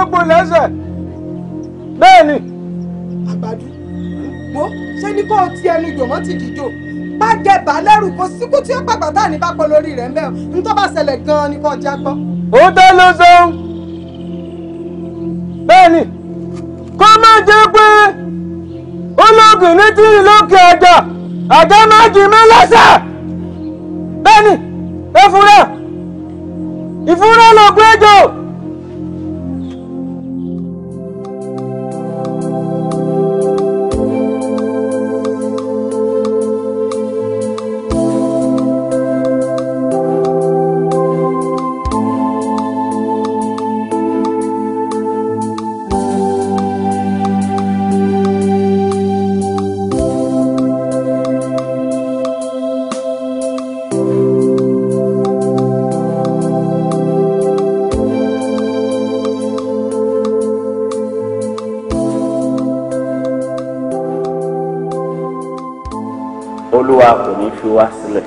gbogbo lẹ́sẹ̀ bẹ́ẹ̀ ni. àgbàdo wo ṣé ní kó o ti ẹnu jòmọ́ ti dìjò bá jẹ bàálẹ́rù kó síkú tí ó pàgbà tá à ní bá pọ̀ lórí rẹ̀ ńbẹ́ ń tó bá ṣẹlẹ̀ gan-an ni kò já gbọ́. ó tẹ́ ló sẹ́hún bẹ́ẹ̀ ni kó má jẹ́ pé ológun ní tí ìlókè ọjà àjọ máa jì mí lẹ́sẹ̀ bẹ́ẹ̀ ni èfúrẹ́ ìfúrẹ́ lóògùn ẹjọ́. fi wá sílẹ̀.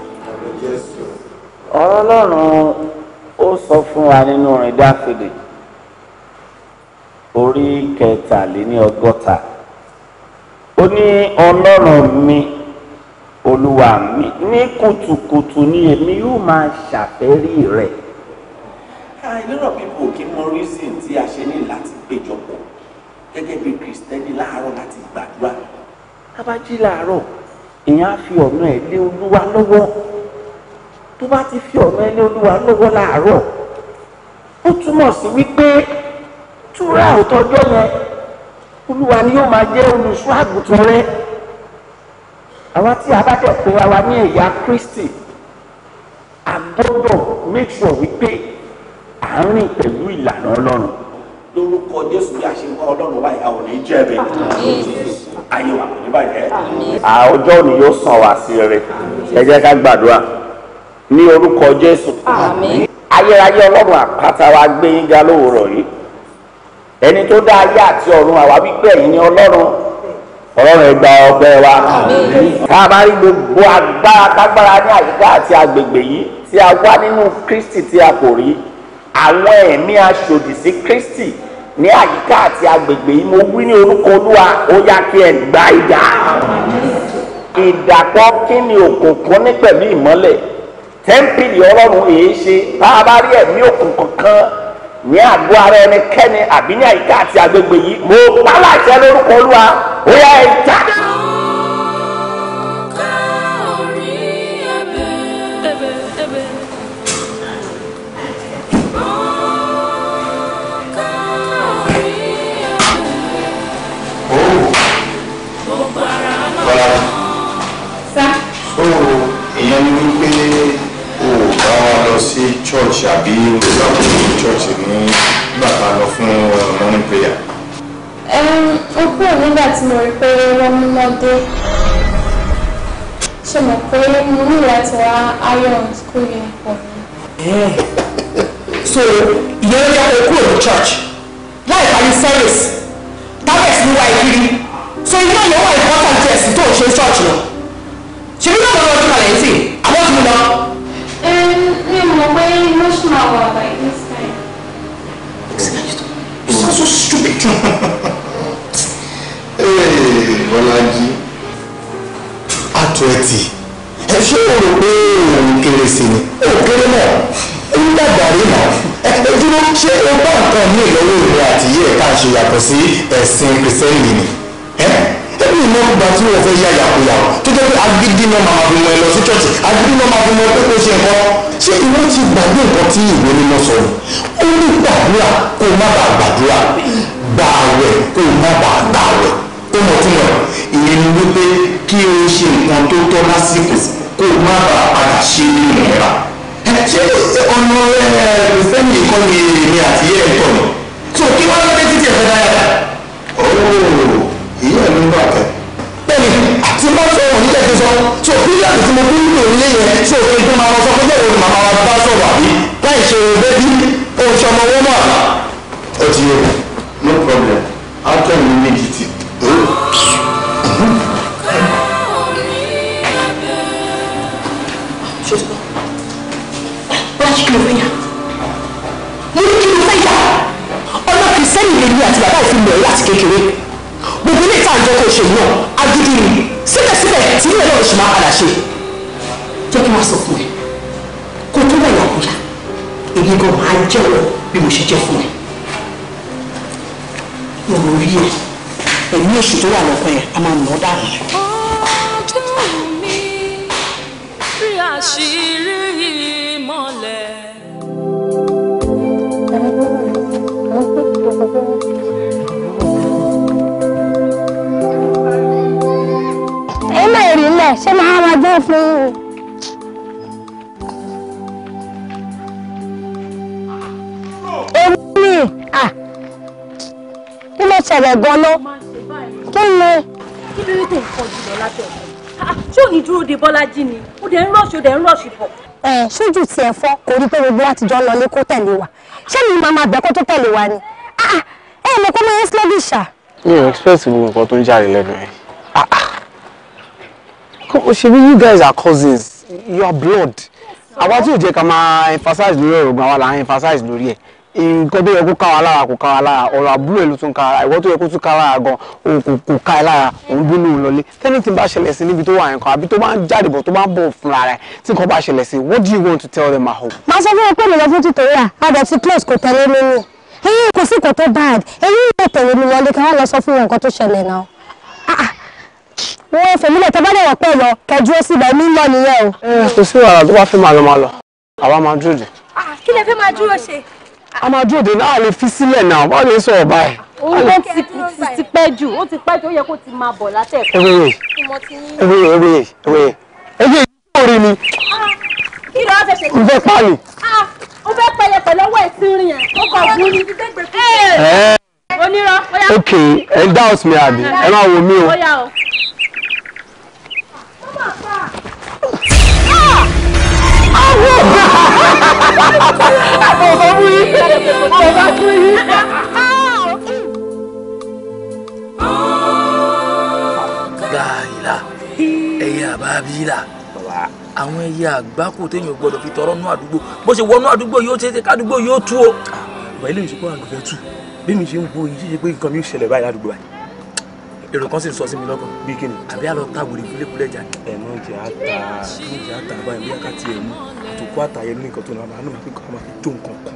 ọ̀rọ̀ ọlọ́run ó sọ fún wa nínú orin dáfídì orí kẹtàléní ọgọ́ta ó ní ọlọ́run mi olúwa mi ní kùtùkùtù ni èmi yóò máa ṣàfẹ́rí rẹ̀. a lérò pípò kí mo rí sí ti a ṣe ní láti péjọpọ̀ gẹ́gẹ́ bí kristẹni láàárọ̀ láti gbàdúrà. a bá jí láàárọ̀ ìyẹn á fi ọ̀nà ẹ̀ lé olúwa lọ́wọ́ tó bá ti fi ọ̀nà ẹ̀ lé olúwa lọ́wọ́ láàárọ̀ ó túmọ̀ sí wípé túra òtọ́jọ́ yẹn olúwa ni yóò máa jẹ́ olùṣọ́ àgùntàn rẹ àwọn tí a bá tẹ̀ pé wa ní ẹ̀yà Kristi a gbọ́dọ̀ make sure wípé à ń rìn pẹ̀lú ìlànà Ọlọ́run lórúkọ Jésù bí a ṣe ń kọ́ Ọlọ́run wáyé a ò ní jẹ́ bẹ́ẹ̀ ayé wa kò ní bàjẹ́. àwùjọ ni yóò sàn wá sí rere ẹ jẹ́ ká gbàdúrà ní orúkọ Jésù ayérayé ọlọ́run àpáta wa gbé yín ga lówùrọ̀ yìí ẹni tó dá ayé àti ọ̀run àwa wípé ẹ̀yin ni ọlọ́run ọlọ́run ẹ gba ọpẹ́ wa ká má rí gbogbo agbára kágbára ní àyíká àti agbègbè yìí tí a wá nínú Kristi tí a kò rí àwọn ẹ̀mí aṣòdì sí Kristi ní àyíká àti agbègbè yìí mo wí ní orúkọ olúwa ó yá kí ẹ gba ìdá ìdàpọ̀ kí ni òkùnkùn ní pẹ̀lú ìmọ́lẹ̀ tẹ́ḿpìlì ọlọ́run èé ṣe bá a bá rí ẹ̀mí òkùnkùn kan ní àgọ́ ara ẹnikẹ́ni àbí ní àyíká àti agbègbè yìí mo pa láṣẹ lórúkọ olúwa ó yá ẹ jáde. sí church àbí olùgbàgbọ́ ní church ní bàbá lọ fún uh, morning prayer. ó kúrò nígbà tí mo rí pé wọ́n mú wọn dé ṣe mọ̀ pé mo ní láti wá iron school uniform. Eh. so ìyẹn ló jáde kúrò ní church láì parí service tábẹ̀sì ní wáyé kiri so iná yẹn wà important test tó ń ṣe church lọ ṣe bí wọ́n lọ lọ́jọ́ kalẹ̀ yìí sí àwọn tí mo mọ̀ pé emotional wà by this time. you sound so stupid. Bọ́lájí àtọ̀ ẹ̀ tì ẹ ṣé o rò pé òun kéré sí ni ó kéré náà ó ń dàgbà rí náà ẹ dúró ṣé o bá nǹkan ní ìlọ́wọ́ ìwé àtìyé ẹ̀ka ṣe yàtọ̀ sí ẹ̀sìn kìrìsẹ́nì ni ẹbí ìmọ̀ ọgbà tí wọ́n fẹ́ yá yàkuyà tó jẹ́ pé agídí náà máa fi mọ ẹ lọ sí ṣọ́ọ̀ṣì agídí náà máa fi mọ pé kó ṣe nǹkan ṣé ìwọ ti gbàgbé nǹkan tí ìwé mímọ́ sọ ó ní gbàdúrà kó má bàa gbàdúrà gbààwẹ̀ kó má bàa gbààwẹ̀ ó mọ̀ tí mọ̀ ìyẹn ni wípé kí o ṣe nǹkan tó tọ́ lásìkò kó má bàa padà ṣe ní ìlera ṣé ọ̀nà kìrìsìtẹ́nì kan ni èmi àti yẹ́ ẹ̀kọ́ ni so kí wọ́n lọ́dẹ́ títí ẹ̀fẹ́ dáyàtà ó oh, ìyẹn ló ń bà kẹ́kẹ́ bẹ́ẹ̀ni àti mọ́tò wọn nígbà tó sọ so bílíọ̀nù tí mo bí nínú ilé yẹn so ìgbìmọ̀ máa sọ pé bẹ́ẹ̀ ni màmá wa bá sọ̀rọ̀ àbí láì ṣe bẹ́bí ohun tí ọmọ owó mọ̀. ó ti yẹ no problem after mi méjì ti mo ní kí ló fẹ́ yà ọ̀nà kìrìsẹ́nì lè ní àti bàbá òfin lọ́ọ́ láti kékeré ilé ìta àjọ kò ṣe náà agídí ni síbẹ̀síbẹ̀ tí ilé náà ṣì máa padà ṣe jẹ́ kí wọ́n sọ fún ẹ kó tó wà yàkúyà èmi gan máa jẹ́wọ́ bí mo ṣe jẹ́ fún ẹ. mo rò rí ẹ ẹ̀mí èṣù tó wà lọ́kàn yẹn a máa nà ọ́ dànù. ọdún mi rí àṣírí ìmọ̀lẹ̀. Thank you. ṣé màá máa jẹ́ fún un. èmi ni kí ló ṣẹlẹ̀ gan-an kí ni. kí ló dé nǹkan jùlọ lábẹ́ ọ̀gbìn ṣé ò ní dúró de bọ́lájí ni ó dẹ̀ ń rọ̀ṣù dẹ̀ ń rọ̀ṣù bọ̀. ẹ ṣojú tiẹ̀ fọ́ kò rí pé gbogbo wa ti jọ lọ lé kó tẹ̀lé wa ṣé mi máa máa bẹ̀ kó tó tẹ̀lé wa ni ẹ ẹ mọ̀ kó máa ń slẹ́gì ṣá. mi ò expect gbogbo nǹkan tó ń jáde lẹ́nu ẹ̀ ṣebí you guys are cousins you are blood àwa tí ò jẹ́ ká máa emphasize lórí ọ̀rọ̀ gan àwa là ń emphasize lórí ẹ̀ nǹkan tó yẹ kó ká wa lára kò ká wa lára ọ̀rọ̀ àbúrò ẹ̀ ló tún ká ìwọ tó yẹ kó tún ká lára gan òun kò ká ẹ lára òun bínú lọlé tẹ́ni tí bá ṣẹlẹ̀ sí níbi tó wà nǹkan àbí tó bá ń jáde bọ̀ tó bá ń bọ̀ fúnra rẹ̀ tí nǹkan bá ṣẹlẹ̀ sí what do you want to tell them at home. màá sọ fún wọn pé mi lọ fún tìtẹ̀rẹ́ à adà ti close kò tẹ̀lé mi ni èyí kò sí kò tó bad èyí yóò tẹ̀lé mi lọlé kí wọ́n lọ sọ fún wọn nǹkan tó ṣẹlẹ̀ náà ah, ah wọn ò fèmílẹ̀ tẹ́ bá lè wọ̀ pẹ́ lọ kẹjú ó sì bẹ̀ mí lọ nìyẹn o. ẹ kò sí wàhálà tó bá fẹ́ máa lọ máa lọ àwa máa dúró dè. kí lẹ fẹ́ máa dúró ṣe. a máa dúró dè náà lè fi sílẹ̀ náà báwo lè sọ̀rọ̀ báyìí. òun ló ti ti pẹ́ jù ó ti pẹ́ jù ó yẹ kó ti máa bọ̀ látẹ̀kọ́. ewéye ewéye ewéye ewéye ewéye orí mi. kí ló wá fẹ́ ṣe. n fẹ́ pààlì. ó fẹ́ pẹ̀lẹ́ pẹ̀lẹ́ ọwọ́ ẹ̀sìn rìn yẹn ó kọ̀ bú ní. onírọ̀ ó yà. ok ẹ dáhùn sí mi àbí ẹ máa wò mí o. Awo! Ọ̀sán fún yín! Ọ̀sán fún yín! àbábílà àwọn ẹyẹ àgbákò téèyàn gbọ́dọ̀ fi tọrọ nú àdúgbò bó ṣe wọnú àdúgbò yóò ṣe é kádùgbò yóò tú o. Ah, àwọn ilé ìṣòkò àgbẹ̀fẹ́ tù bí mi ṣe ń wo yìí ṣe pé nǹkan mi ò ṣẹlẹ̀ báyìí ládùúgbò báyìí èrò kan sì sọ sí mi lọ́kàn. bí kí ni. àbí àlọ́ ta wèrè kúlẹ̀kúlẹ̀ jà. ẹ̀nà jẹ́ àtà ẹ̀nà jẹ́ àtà báyìí bóyá ká ti ẹ̀ mú àtòkú àtàyẹ ní nǹkan tó náà àánú fi kọ́ máa fi jó nǹkan kan.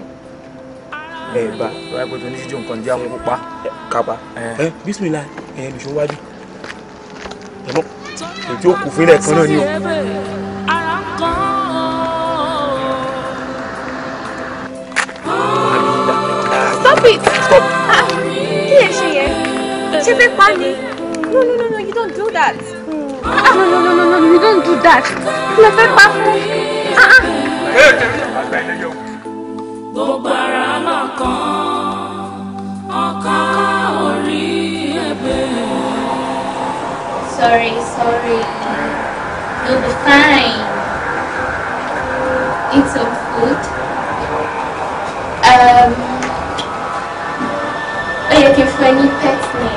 ẹ bá báyà pé tó ní sí jó nǹkan jẹ́ àwọn pupa. kaba ẹ bísímìlà ẹ lùsọ wájú. ẹ̀nà ètò òkú fínlẹ̀ kan náà ni o. Stop it! Stop! Ah, kí lè ṣe yẹn? Ṣé fẹ́ pa ni? No, no, no, no, you don't do that. Ah, no, no, no, no, no, you don't do that. La fẹ́ pa fún. Gbogbo ara Sorry, sorry. You'll be fine. Eat some food. Um, ó yẹ kí n fún pet name.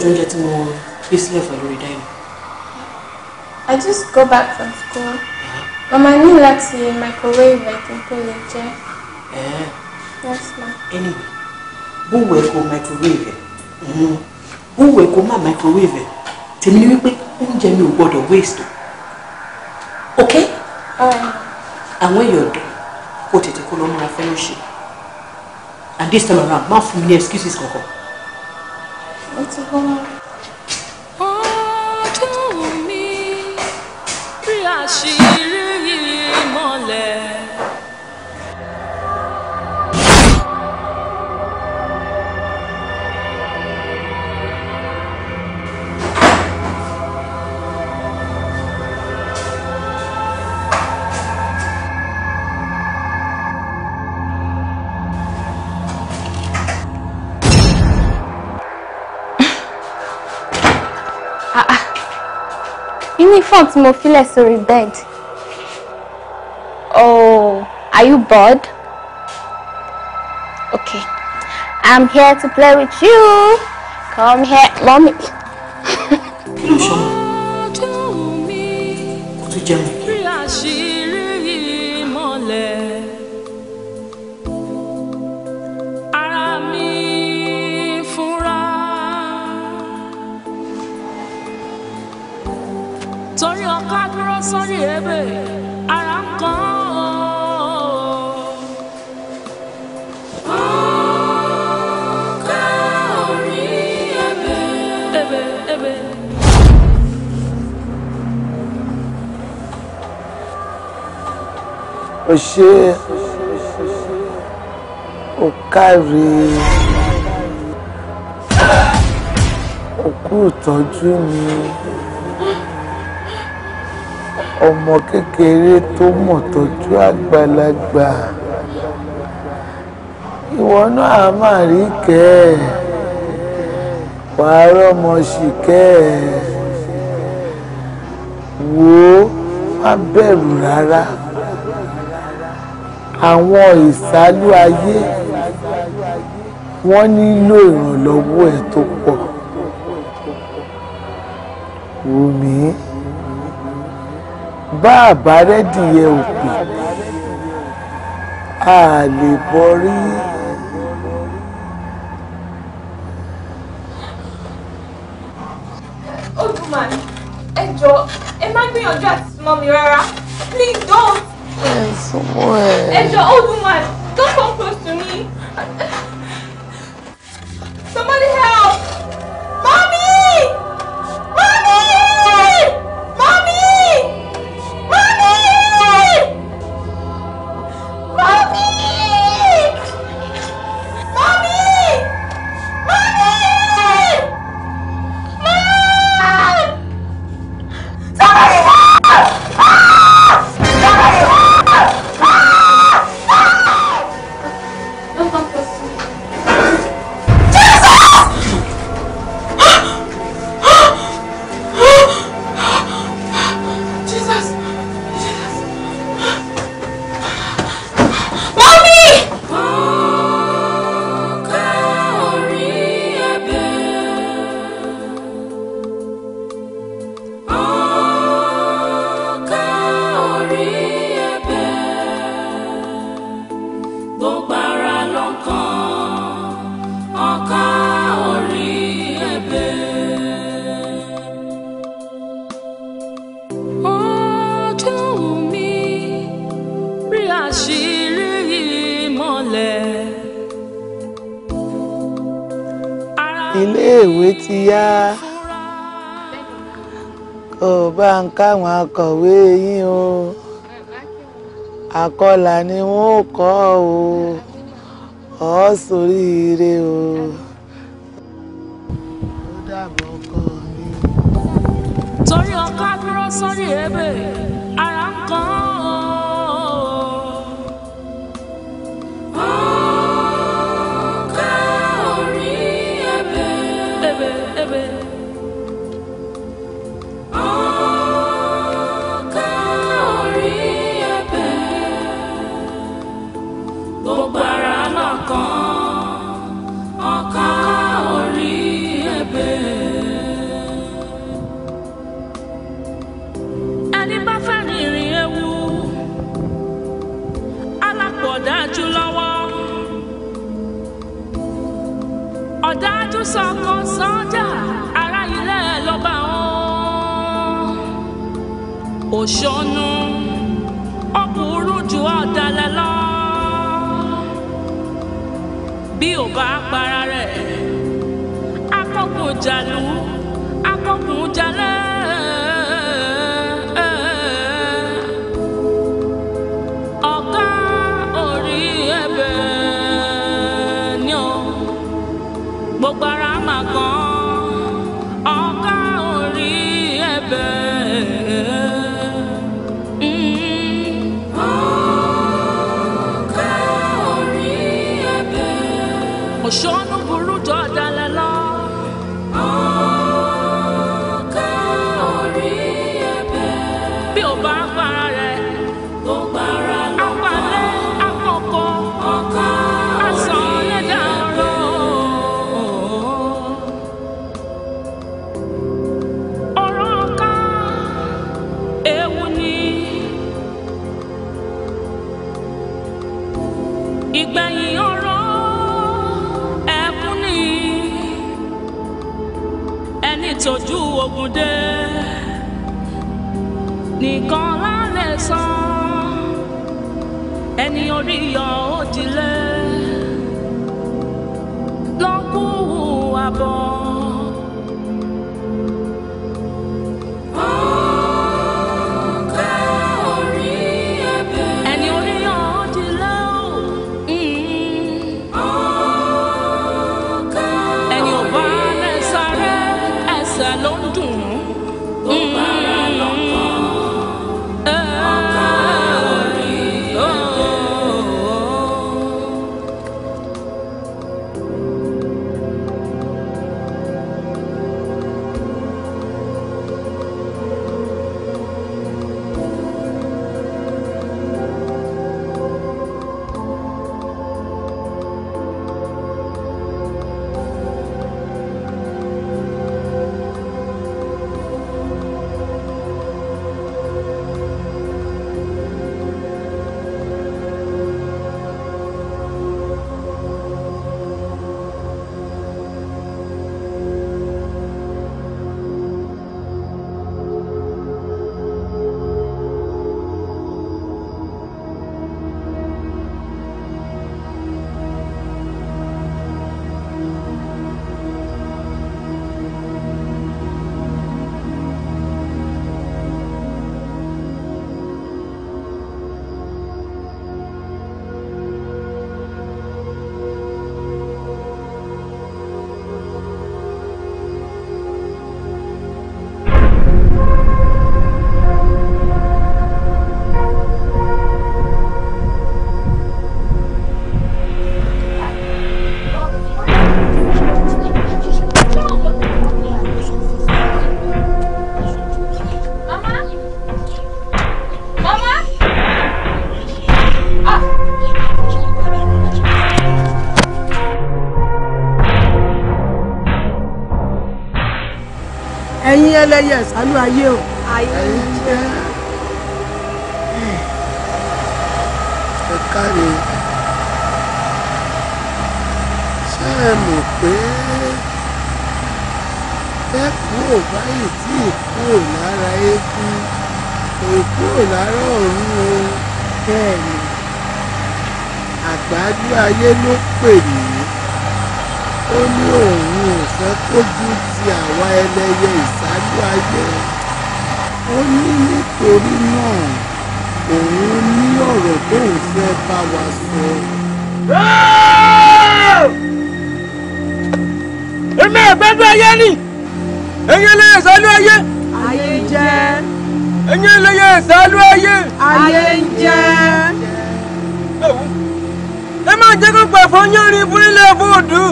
ju oúnjẹ tí mo gbé sílẹ̀ fún lórí dáìnì. I just go back from school. Uh-huh. Màmá ní láti microwave ẹ̀kọ́ tó lè jẹ́. Uh-huh. Yes ma. Anyway, búwo ẹ̀ kó microwave ẹ̀ mm-hmm. búwo ẹ̀ kó má microwave ẹ̀ tèmi ni wípé oúnjẹ mi ò gbọ́dọ̀ waste o. Okay? Um. Àwọn èèyàn ọ̀dọ́ kò tètè kó lọ múra fẹ́ràn ṣe and this time around má fún mi ní excuses kankan. náà tí mo filẹ̀ sórí bed. Oh, are you bored? Okay, I'm here to play with you. Come here, mommy. o ṣe o káre o kú ìtọ́jú mi ọmọ kékeré tó mọ̀ tọ́jú àgbàlagbà ìwọ náà máa rí kẹ́ ẹ̀ wàá rọ́mọ sì kẹ́ ẹ̀ wò ó má bẹ̀rù rárá àwọn ìsálú ayé wọ́n nílò ìrànlọ́wọ́ ẹ̀ tó pọ̀ wùmí bá àbárẹ́dìyẹ òpè a lè borí. Old woman, ẹ jọ̀ọ́ ẹ má gbìyànjú àti súnmọ́ mi rárá fún ẹ. ẹ jọ káwọn akọ̀wé yín o àkọlà ni wọ́n ó kọ́ o ọ́ ṣoríire o. torí ọkọ dúró sórí ebè. òṣónú ó burú ju ọ̀dàlẹ̀ lọ bí ò bá para. ìgbẹ̀yìn ọ̀rọ̀ ẹkún ni ẹni tójú ogun dé nìkan lálẹ́ sàn ẹni orí yọ ó ẹlẹ́yẹ ìsálú ayé o. ayé jẹ́. ẹ káre ṣé ẹ mọ̀ pé bẹ́ẹ̀ kúrò báyìí tí ìkúrò lára eégún òkúrò lára ọ̀run o. bẹ́ẹ̀ ni àgbájú ayé ló pè mí ó ní òun ò fẹ́ kójú ti àwa ẹlẹ́yẹ ìsáájú ayẹ ó ní nítorí náà òun ní ọ̀rọ̀ tóun fẹ́ bá wa sọ. èmi àgbẹ̀gbẹ̀ ayé ni ẹ̀yin lè sálú ayé. ayé ń jẹ́. ẹ̀yin lè yẹ sálú ayé. ayé ń jẹ́. ẹ máa jẹ́ kó pẹ̀ fún yín rí fún ilé fún òdùn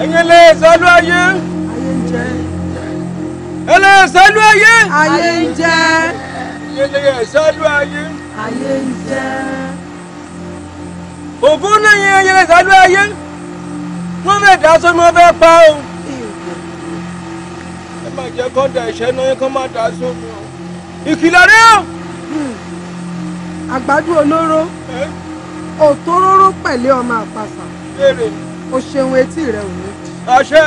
ẹ̀yin lè sọ́lú ayé. ayé ń jẹ́. ẹ lè sọ́lú ayé. ayé ń jẹ́. ẹ̀yin lè sọ́lú ayé. ayé ń jẹ́. ògún náà yẹn ẹ̀yin lè sọ́lú ayé. wọ́n fẹ́ dá sómi wọ́n fẹ́ pa o. ẹ má jẹ́ kó da ìṣẹ́ náà yẹn kó má dá sómi o. ìkìlọ̀ rẹ o. Hmm. àgbàdo olóró òtóróró pẹ̀lú ọmọ àpàṣà béèrè. o ṣeun etí rẹ ò ní. àṣẹ.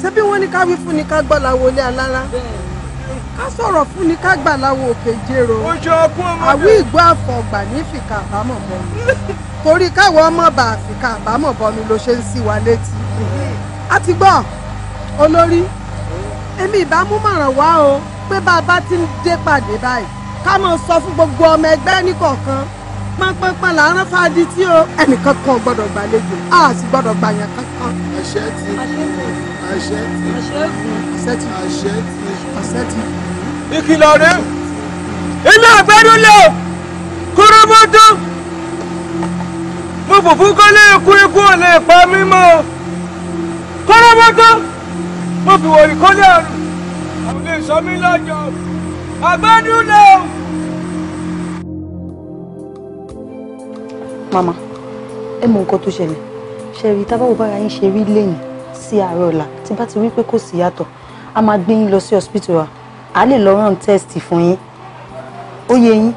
ṣé bí wọ́n ní ká wí fún ni ká gbọ́la wọlé alára. ká sọ̀rọ̀ fún ni ká gbà láwo òkè jérò. o ṣe ọkún ọmọdé. àwí ìgbọ́ àfọ̀gbà ní fìkà àbámọ̀ bọnu. torí káwọn ọmọ bá fìkà àbámọ̀ bọnu ló ṣe ń sí wa létí. a ti gbọ́ olórí èmi ìbámu mọ̀ràn wá o pé bá a bá ti ń dé pàdé báyìí ká máa sọ fún gbogbo ọmọ ẹgbẹ́ nìkọ̀ọ̀kan pánpánpán là ń rán fáadí tí o ẹnìkan kan gbọ́dọ̀ gbàlejò a sì gbọ́dọ̀ gbà yàn kankan. àṣẹ ti àṣẹ ti àṣẹ ti àṣẹ ti àṣẹ ti. ìkìlọ̀ rẹ̀ ilé àgbẹ̀dúlẹ̀ kúrúbútú mo fòfú kọ́ lé ikú ikú ò lè pa mí mọ́ kúrúbútú mo fi wòye kọ́lé àrùn àwọn ilé ìsọmílẹ̀ ọjọ́ àgbẹ̀dúlẹ̀ o. Mama, ẹ mọ nǹkan tó ṣẹlẹ̀ ṣẹ̀rí tábàwò bára yín ṣe rí lẹ́yìn sí àárọ̀ ọ̀la tí bá ti rí pé kò sí yàtọ̀ a máa gbé yín lọ sí hospital wa a lè lọ rán test fún yín ó yé yín.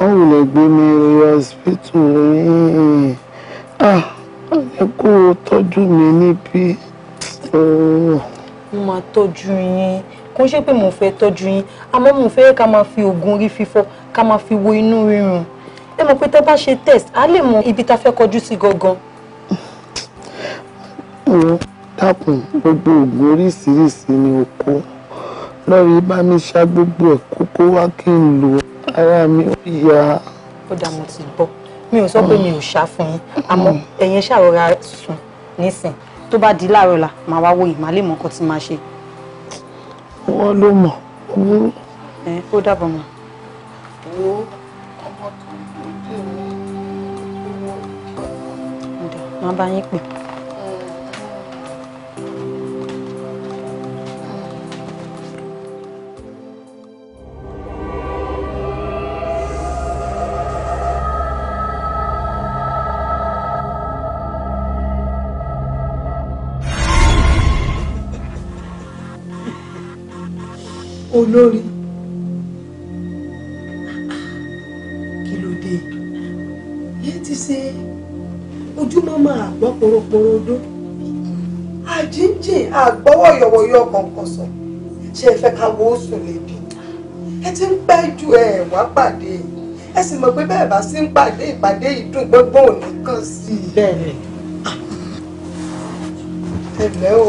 wọ́n wulẹ̀ gbé mi lọ hospital yín ah, ẹ kó o tọ́jú mi níbí. mo máa tọ́jú yín kò ń ṣe pé mo fẹ́ tọ́jú yín àmọ́ mo fẹ́ ká máa fi oògùn orí fífọ́ ká máa fi wo inú rírun ẹ mọ̀ pé tá a bá ṣe test a lè mọ ibi tá a fẹ́ kọjú sí gangan. mo dákun gbogbo oògùn oríṣiríṣi ni o kó lórí bá mi ṣá gbogbo ẹ̀ kókó wá kí n lo ara mi ó yá. ó dà mo ti bọ̀ mi ò sọ pé mi ò ṣá fún yín àmọ́ ẹ̀yin ṣàrọra sùn nísìn tó bá di láàárọ̀ la màá wá wo ìmọ̀ mọ́ nǹkan tí màá ṣe. wọ́n ló mọ̀ ó ẹ ó dàbọ̀ mọ́ wo ọmọ tó kù dé mi má bá yín pè. olórí àgbọ́ poroporo odó àjíǹjìn àgbọ́wọ̀ yọ̀wọ̀yọ̀ kọ̀ọ̀kan sọ ṣé ẹ fẹ́ ká wo sùn lébi ẹ ti ń pẹ́ ju ẹ̀ wá pàdé ẹ sì mọ̀ pé bẹ́ẹ̀ bá sí ń pàdé ìpàdé ìdùn gbogbo òní kan sí i. bẹ́ẹ̀ni. ẹ lẹ́ o.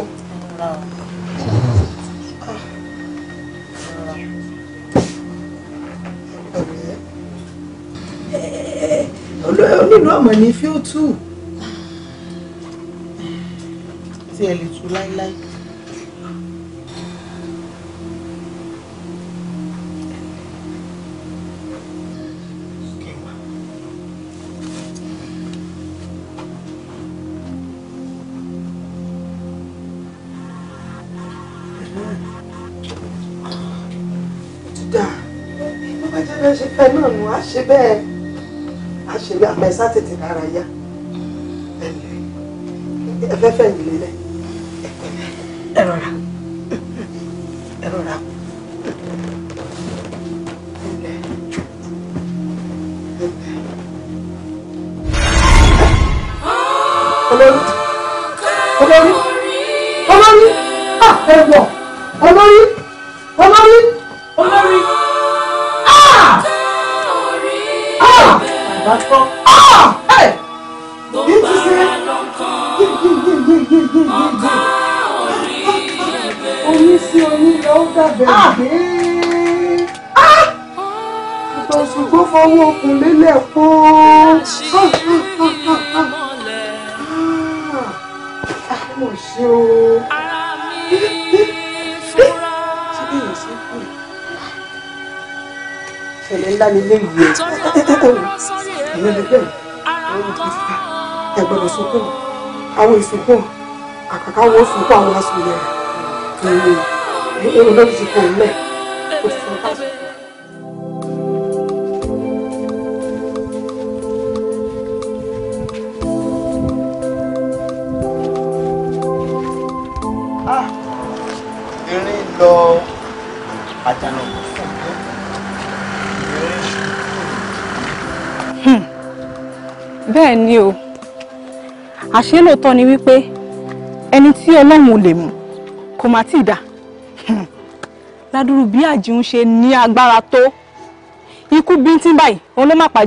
onílù ọmọ ní fíútù. tí ẹ lè tú láíláí. ìfẹ́ náà nù ṣe bẹ́ẹ̀ á ṣe bí tètè lára yá ẹ̀fẹ́fẹ́ ìlélẹ̀. だから。dàbẹ̀ gbé àtọ̀sùn tó fọwọ́ okùn lélẹ̀ pọ́ mo ṣe o ṣẹlẹ̀ ńlá nílé yìí ẹ̀yìn ni bẹ́ẹ̀ àwọn ìgbésà ẹ̀gbọ́dọ̀ sunkún àwọn ìsunkún àkàkà wọn sunkún àwọn asùn yẹn olóòtú ti kò ń mẹ́ o ti fún pásítọ̀. erin lọ àjànà fún un. ni o àṣé lóòótọ́ ni wípé ẹni tí ọlọ́run ò lè mú kò má tí ì ládùúrú bí àjíhun ṣe ní agbára tó ikú bíntín báyìí òun ló má pa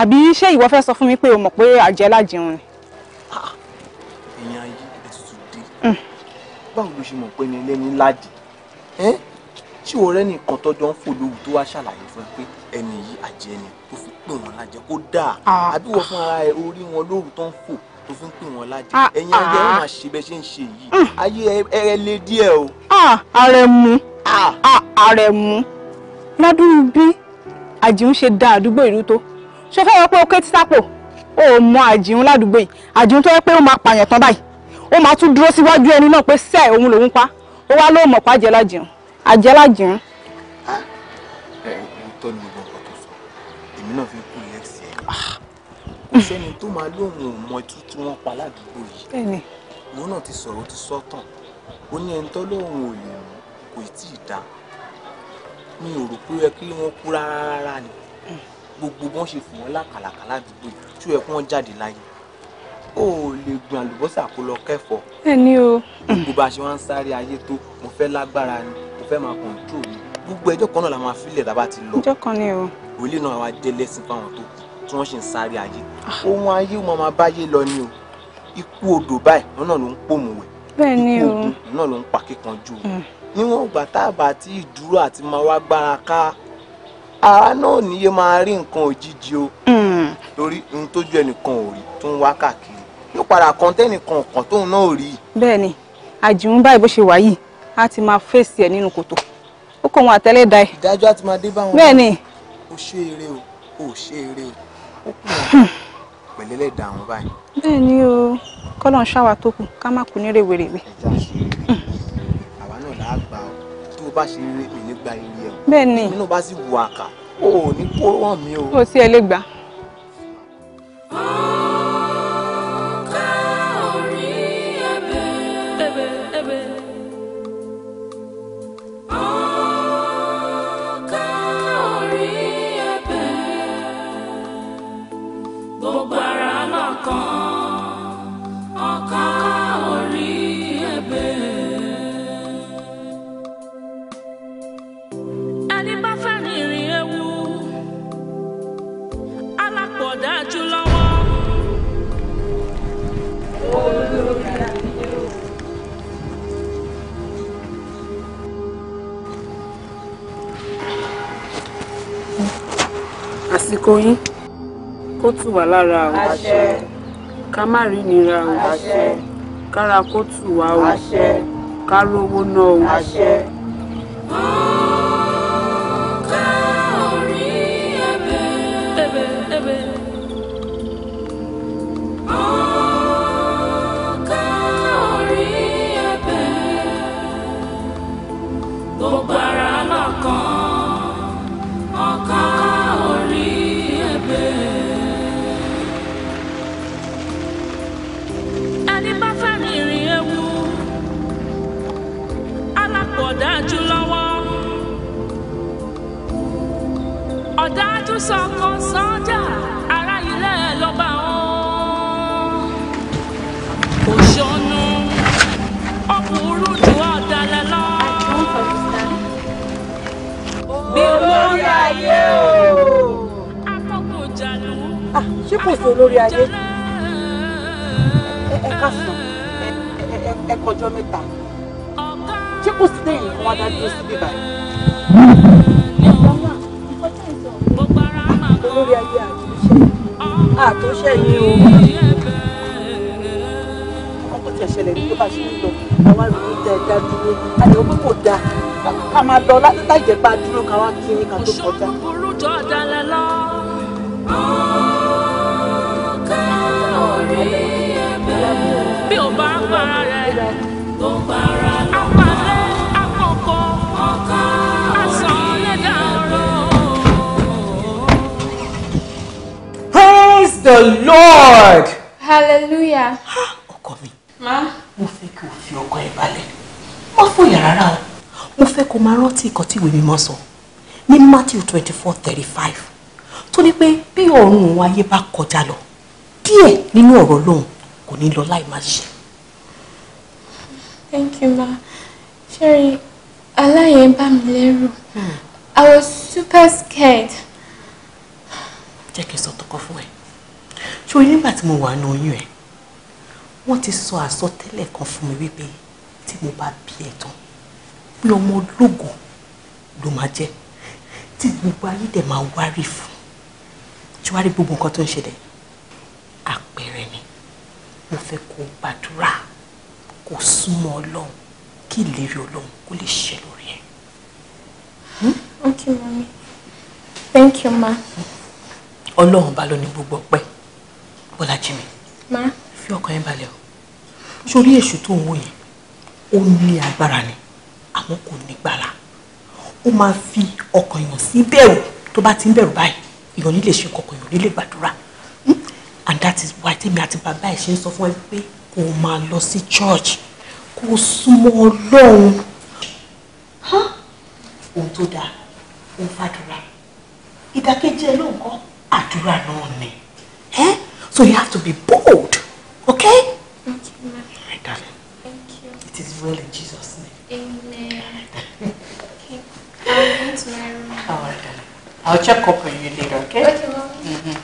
àbí ṣé ìwọ fẹ́ sọ fún mi pé o mọ̀ pé àjẹ́ lájíhun ni. ẹ̀yin ayé ẹ̀ tuntun dé hmm. báwo ló ṣe mọ̀ pé ní ẹlẹ́ni láàdì tí ọ̀rẹ́ nìkan tọ́jọ́ ń fò tó wá ṣàlàyé fún ẹ pé ẹni yìí àjẹ́ ni tó fi pè wọ́n lájẹ́ kó dáa ah. àbí wọ́n fún ara ẹ orí wọn lóru ń fò tó fi ń pè wọ́n lájẹ ah, ẹ̀yin ẹgbẹ́ wọn ah. máa ṣe bẹ́ẹ̀ ṣe ń ṣe yìí ayé ẹ lè díẹ̀ o. Ah, ààrẹ mu ààrẹ mu ládùúgbò bí àjìún ṣe da àdúgbò ìlú tó ṣe fẹ́ wọ́n pé ó ké títàpọ̀ ó mọ àjìún ládùúgbò yìí àjìún tó yẹ pé ó máa pààyàn tán báyìí ó máa tún dúró síwájú ẹni náà pé sẹ́ẹ̀ òun lòún pa ó wá lóò mọ̀ pa àjẹlájìún àjẹlájìún. ẹ ẹ tọ́jú gbogbo ọkọ̀ tó sọ èmi náà fi kò sẹ́ni tó máa lóhùn ọmọ ẹtú tí wọ́n pa ládùúgbò yìí. bẹ́ẹ̀ni. òun náà ti sọ̀rọ̀ ti sọ́tàn ó ní ẹni tó lóhùn ò lè mú kò tí ì dá mi ò rò pé ó yẹ kí wọ́n kú rárá ni gbogbo wọn ṣe fún wọn lákàlàkà ládùúgbò yìí tí ó yẹ kí wọ́n jáde láyé ó lè gbin àlùbọ́sà kó lọ kẹ́fọ̀ọ́. bẹ́ẹ̀ni o. gbogbo bá a ṣe wá ń sáré ayé tó mo fẹ́ lágbára ni mo fẹ́ máa kọ̀ǹtró mi gbogbo ẹjọ́ kan náà la máa filẹ̀ tá a bá ti lọ. ẹjọ́ kan ni o. òlì náà wá jẹ́ lẹ́sìn fáwọn tó k tí wọ́n sì ń sáré ayé ah. ohun ayé wọn máa báyé lọ ni o ikú odò báyìí wọn náà ló ń pòmùwẹ̀ ikú òkun náà ló ń pa kíkanjú o hmm. níwọ̀n ìgbà tá a bá ti dúró àti máa wá gbára ká ara náà níye máa rí nǹkan òjijì o hmm. torí ohun tójú ẹnìkan ò rí tó ń wá káàkiri yóò padà kan tẹ́nìkan kan tóun náà rí. bẹ́ẹ̀ni àjùmú báyìí bó ṣe wà yìí a ti máa fèsì ẹ nínú kòtò ó kàn wọn àtẹlẹ da ẹ. ìdájọ́ àti máa dé bá wọn. o ṣe eré o o ṣe eré o ó kù wọn pẹ̀lẹ́lẹ̀ dà wọn báyìí. bẹ́ẹ̀ ni o kọ́lọ̀ ń ṣàwà tó kù ká má kú ní rèwerèwe. ẹja ṣe àwa náà là á gbà ọ tó o bá ṣe eré mi nígbà ilé ẹ. bẹ́ẹ̀ ni inú bá sì wù àkà o ò ní kó wọ̀n mi o. o tiẹ̀ lè gbà. àsìkò yín kó tù wá lára o ká má rí ìnira o kára kó tù wá o ká rówó ná o tún sọkọ sọjà ara ilé lọ́ba wọn. òṣònú ó burú ju ọ̀dàlẹ̀ lọ. olórí ayé o. akọkùn jàlú. Ah, ṣé kò sí olórí ayé ẹ ká sùn ẹ kọjọ mẹ́ta ṣé kò sí lẹ́yìn wọn adájọ́ sí bíbá yìí. lórí ayé àtúnṣe àtúnṣe yìí o ọkọ tí ẹ̀ṣẹ̀lẹ̀ ní tó bá ṣe ń lọ àwa rò ó dá dúró àti ọgbẹ́ kò dáa ká máa lọ látàtà ìjẹ̀pá dúró ká wá kí ní ká tó kọjá. bí o bá para rẹ̀ tó para. the Lord. hallelujah. ọkọ mi mo fẹ́ kí o fi ọkọ ẹ balẹ̀ má fòyà rárá o mo fẹ́ kó máa rántí nǹkan tí ìwé mímọ́ sọ ní Matthew 24:35, four thirty five tó ní pé bí ọ̀run òun ayé bá kọjá lọ díẹ̀ nínú ọ̀rọ̀ lòun kò ní lọ thank you ma sherry aláyẹn bá mi lẹ́rù hmm. i was super scared. jẹ́ kí n sọ tọkọ fún ẹ ṣòrí nígbà tí mo wà ní oyún ẹ̀ wọ́n ti sọ àsọtẹ́lẹ̀ kan fún mi wípé tí mo bá bí ẹ̀ tán pé ọmọ ológun ló máa jẹ́ tí gbogbo ayé dẹ̀ máa wárí fún tí wàá rí gbogbo nǹkan tó ń ṣẹlẹ̀ àpẹẹrẹ ni mo fẹ́ kó gbàdúrà kó súnmọ́ ọlọ́run kí ìlérí ọlọ́run kó lè ṣẹ lórí ẹ̀. ok mami thank you ma. ọlọ́run bá ló ní gbogbo ọpẹ́ bọ́lá jí mi fi ọkàn yẹn balẹ̀ o sórí èṣù tó ń wò yẹn ó ní agbára ni àmọ́ kò ní gbára ó máa fi ọkàn èèyàn sí bẹ̀rù tó bá ti ń bẹ̀rù báyìí èèyàn nílé ṣe kọkàn èèyàn nílé gbàdúrà hmm? and that is why tèmi àti bàbá ẹ̀ ṣe ń sọ fún ẹ pé kó o máa lọ sí church kó o súnmọ́ ọlọ́run ohun tó dáa ó ń fàdúrà ìdákẹ́jẹ́ ló ń kọ́ àdúrà náà ni. So you have to be bold. Okay? Thank you, ma'am. Right, darling. Thank you. It is well in Jesus' name. Amen. okay. I'll go to my room. All right, darling. I'll check up on you later, okay? Okay, ma'am. Mm-hmm.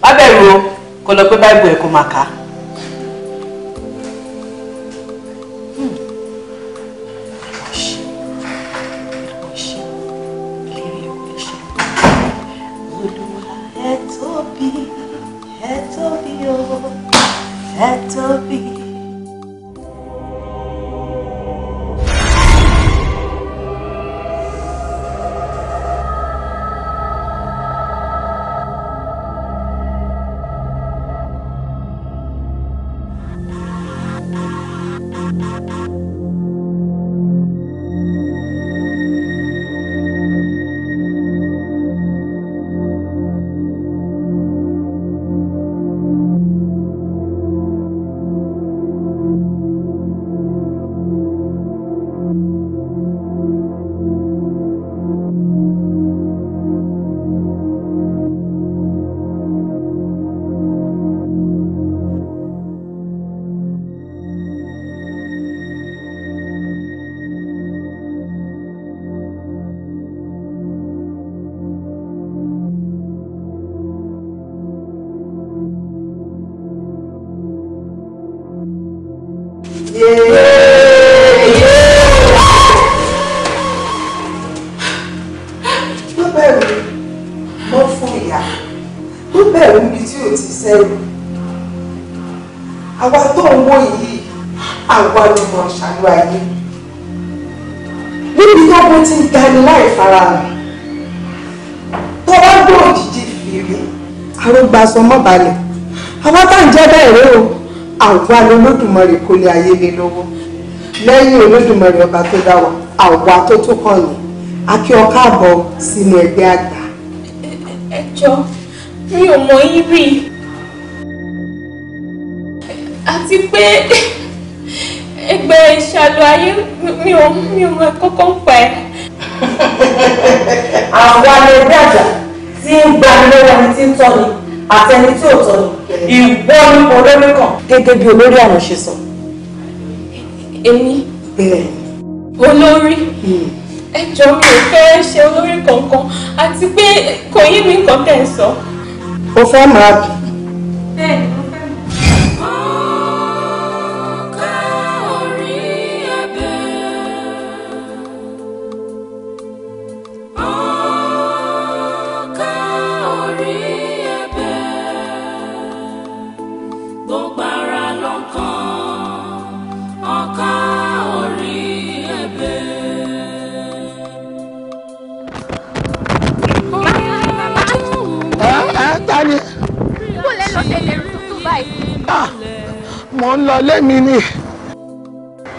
Má bẹ̀rù o, kó lọ gbé Bible ẹ̀ kó máa kà. Hmm. Olúwa ẹ̀ tóbi ẹ tóbi o ẹ tóbi. àgbálùmọ̀ ṣàlù ayé níbi tábó ti ń dání láì farahàn tó bá gbọ́ òjijì fèrè arógbàsọ mọ́ balẹ̀ àwọn tá à ń jẹ́ bẹ́ẹ̀ rẹ o àwa lolódùmarè kò lè ayé lé lọ́wọ́ lẹ́yìn olódùmarè ọba tó dá wa àwa tó tó kàn yìí a kí ọ káàbọ̀ sínú ẹgbẹ́ àgbà. ẹ jọ mi ò mọ yín rí àti pé ẹgbẹ́ ìṣàlù ayé mi ò mi ò mọ kókó ń pẹ́. àwa lè dàjà tí ń gbani lọ́wọ́ ẹni tí ń tọ́ni àti ẹni tí ò tọ́ni ìwọ ni olórí kan gẹ́gẹ́ bí olórí àwọn ṣe sọ. èmi olórí hmm. ẹ jọ mi ò fẹ́ ṣe olórí kankan àti pé kò yé mi nǹkan tẹ̀ ń sọ. o fẹ́ máa bì. bẹ́ẹ̀ mò ń lọ lémi ni.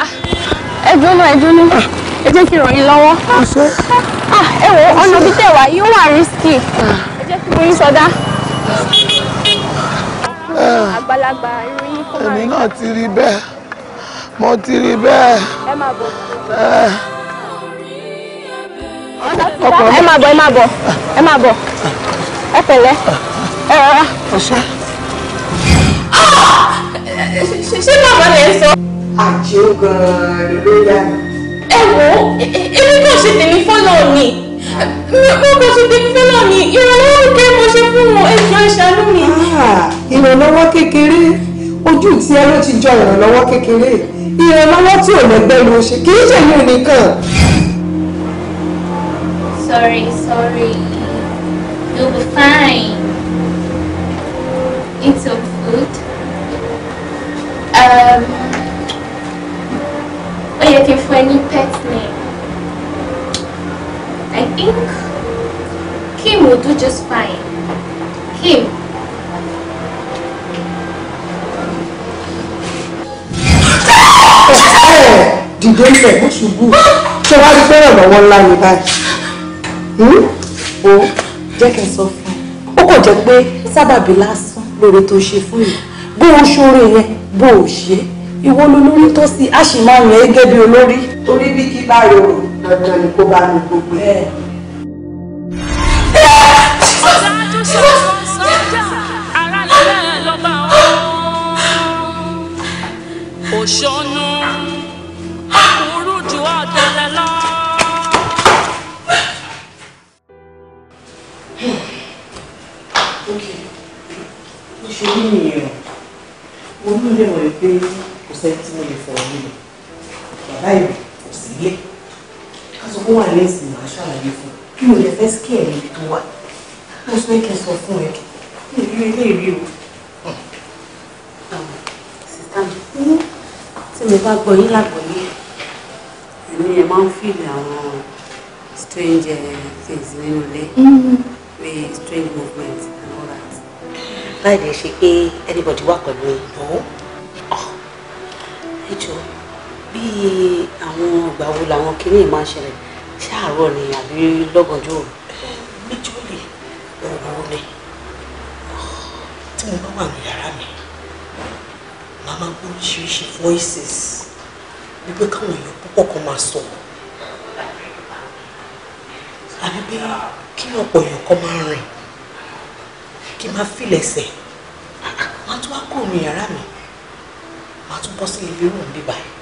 Ah, ẹ jóná ẹ jóná ah. ẹ jẹ́ kí n ràn yín lọ́wọ́. Ah, ẹ wo ọ̀nà bíi tẹ̀wá yóò wà risky ẹ jẹ́ kí n rí sọdá. àgbàlagbà irú yín kọ́ máa rí. èmi náà ti rí bẹ́ẹ̀ mo ti rí bẹ́ẹ̀. ẹ máa bọ̀. Eh. ẹ máa bọ̀ ẹ máa bọ̀ ẹ máa bọ̀ ẹ pẹ̀lẹ́ ẹ rárá. ọ̀sẹ̀ ṣé màmá lè sọ. àjò gan-an ló yá mi. ẹ wo èmi kò ṣe tèmi fọ́nà mi mo kò ṣe tèmi fọ́nà mi ìrànlọ́wọ́ kékeré mo ṣe fún wọn ẹ̀jọ̀ ìṣàánú mi. Ah, ìrànlọ́wọ́ kékeré ojú tí ẹ ló ti jọ ìrànlọ́wọ́ kékeré ìrànlọ́wọ́ tí ò lẹ́gbẹ́ ló ṣe kì í ṣe yóò nìkan. sorry sorry you'll be fine eat some food ó yẹ kí n fún ẹ pet name I think Kim will do just fine Kim. dìde ń bẹ̀ bó ṣubú ṣé wàá rí pẹ́rẹ̀ lọ́wọ́ ńlá ni báyìí hmm? o jẹ́ kí n sọ fún ọ ó kò jẹ́ pé sábàbí lásán lóore tó ṣe fún yìí bó o ṣoore yẹn bó o ṣe ìwọ lolórí tó sí a sì máa olórí. torí bí kí bá rorò dandan ni kó bá mi gbogbo ẹ̀. Ocean inú ilé wọn pé kò sẹ́ni tí mo lè fọ̀rọ̀ mi lọ bàbá ìlú kò sí ilé ká sọ pé wà lẹ́sìn màá ṣàlàyé fún kí mo lè fẹ́ kí ẹ̀mí tó wà mo sọ kí n sọ fún ẹ mi rí ilé rí o. sísá mi tí mo bá gbọ́ yín lágbọ̀ọ́yé èmi ẹ̀ máa ń fìlì àwọn strange things nínú ilé with mm-hmm. strange movements and all that láì lè ṣe pé anybody wà pẹ̀lú ìlú ah. ẹjọ́ bí àwọn ìgbà wo làwọn kinní máa ń ṣẹlẹ̀ ṣé àárọ̀ ni àbí lọ́gànjọ́ òru. méjì ó lè òru ni tí mo bá wà ní yàrá mi màá máa gbọ́ oríṣiríṣi voices wípé káwọn èèyàn púpọ̀ kan máa sọ̀rọ̀ àbí pé kí ọ̀pọ̀ èèyàn kan máa rìn kí n máa fìlẹ̀ ẹsẹ̀ máa tún wá kúrò ní yàrá mi máa tún bọ́ sí ilé rò ń bíbá yìí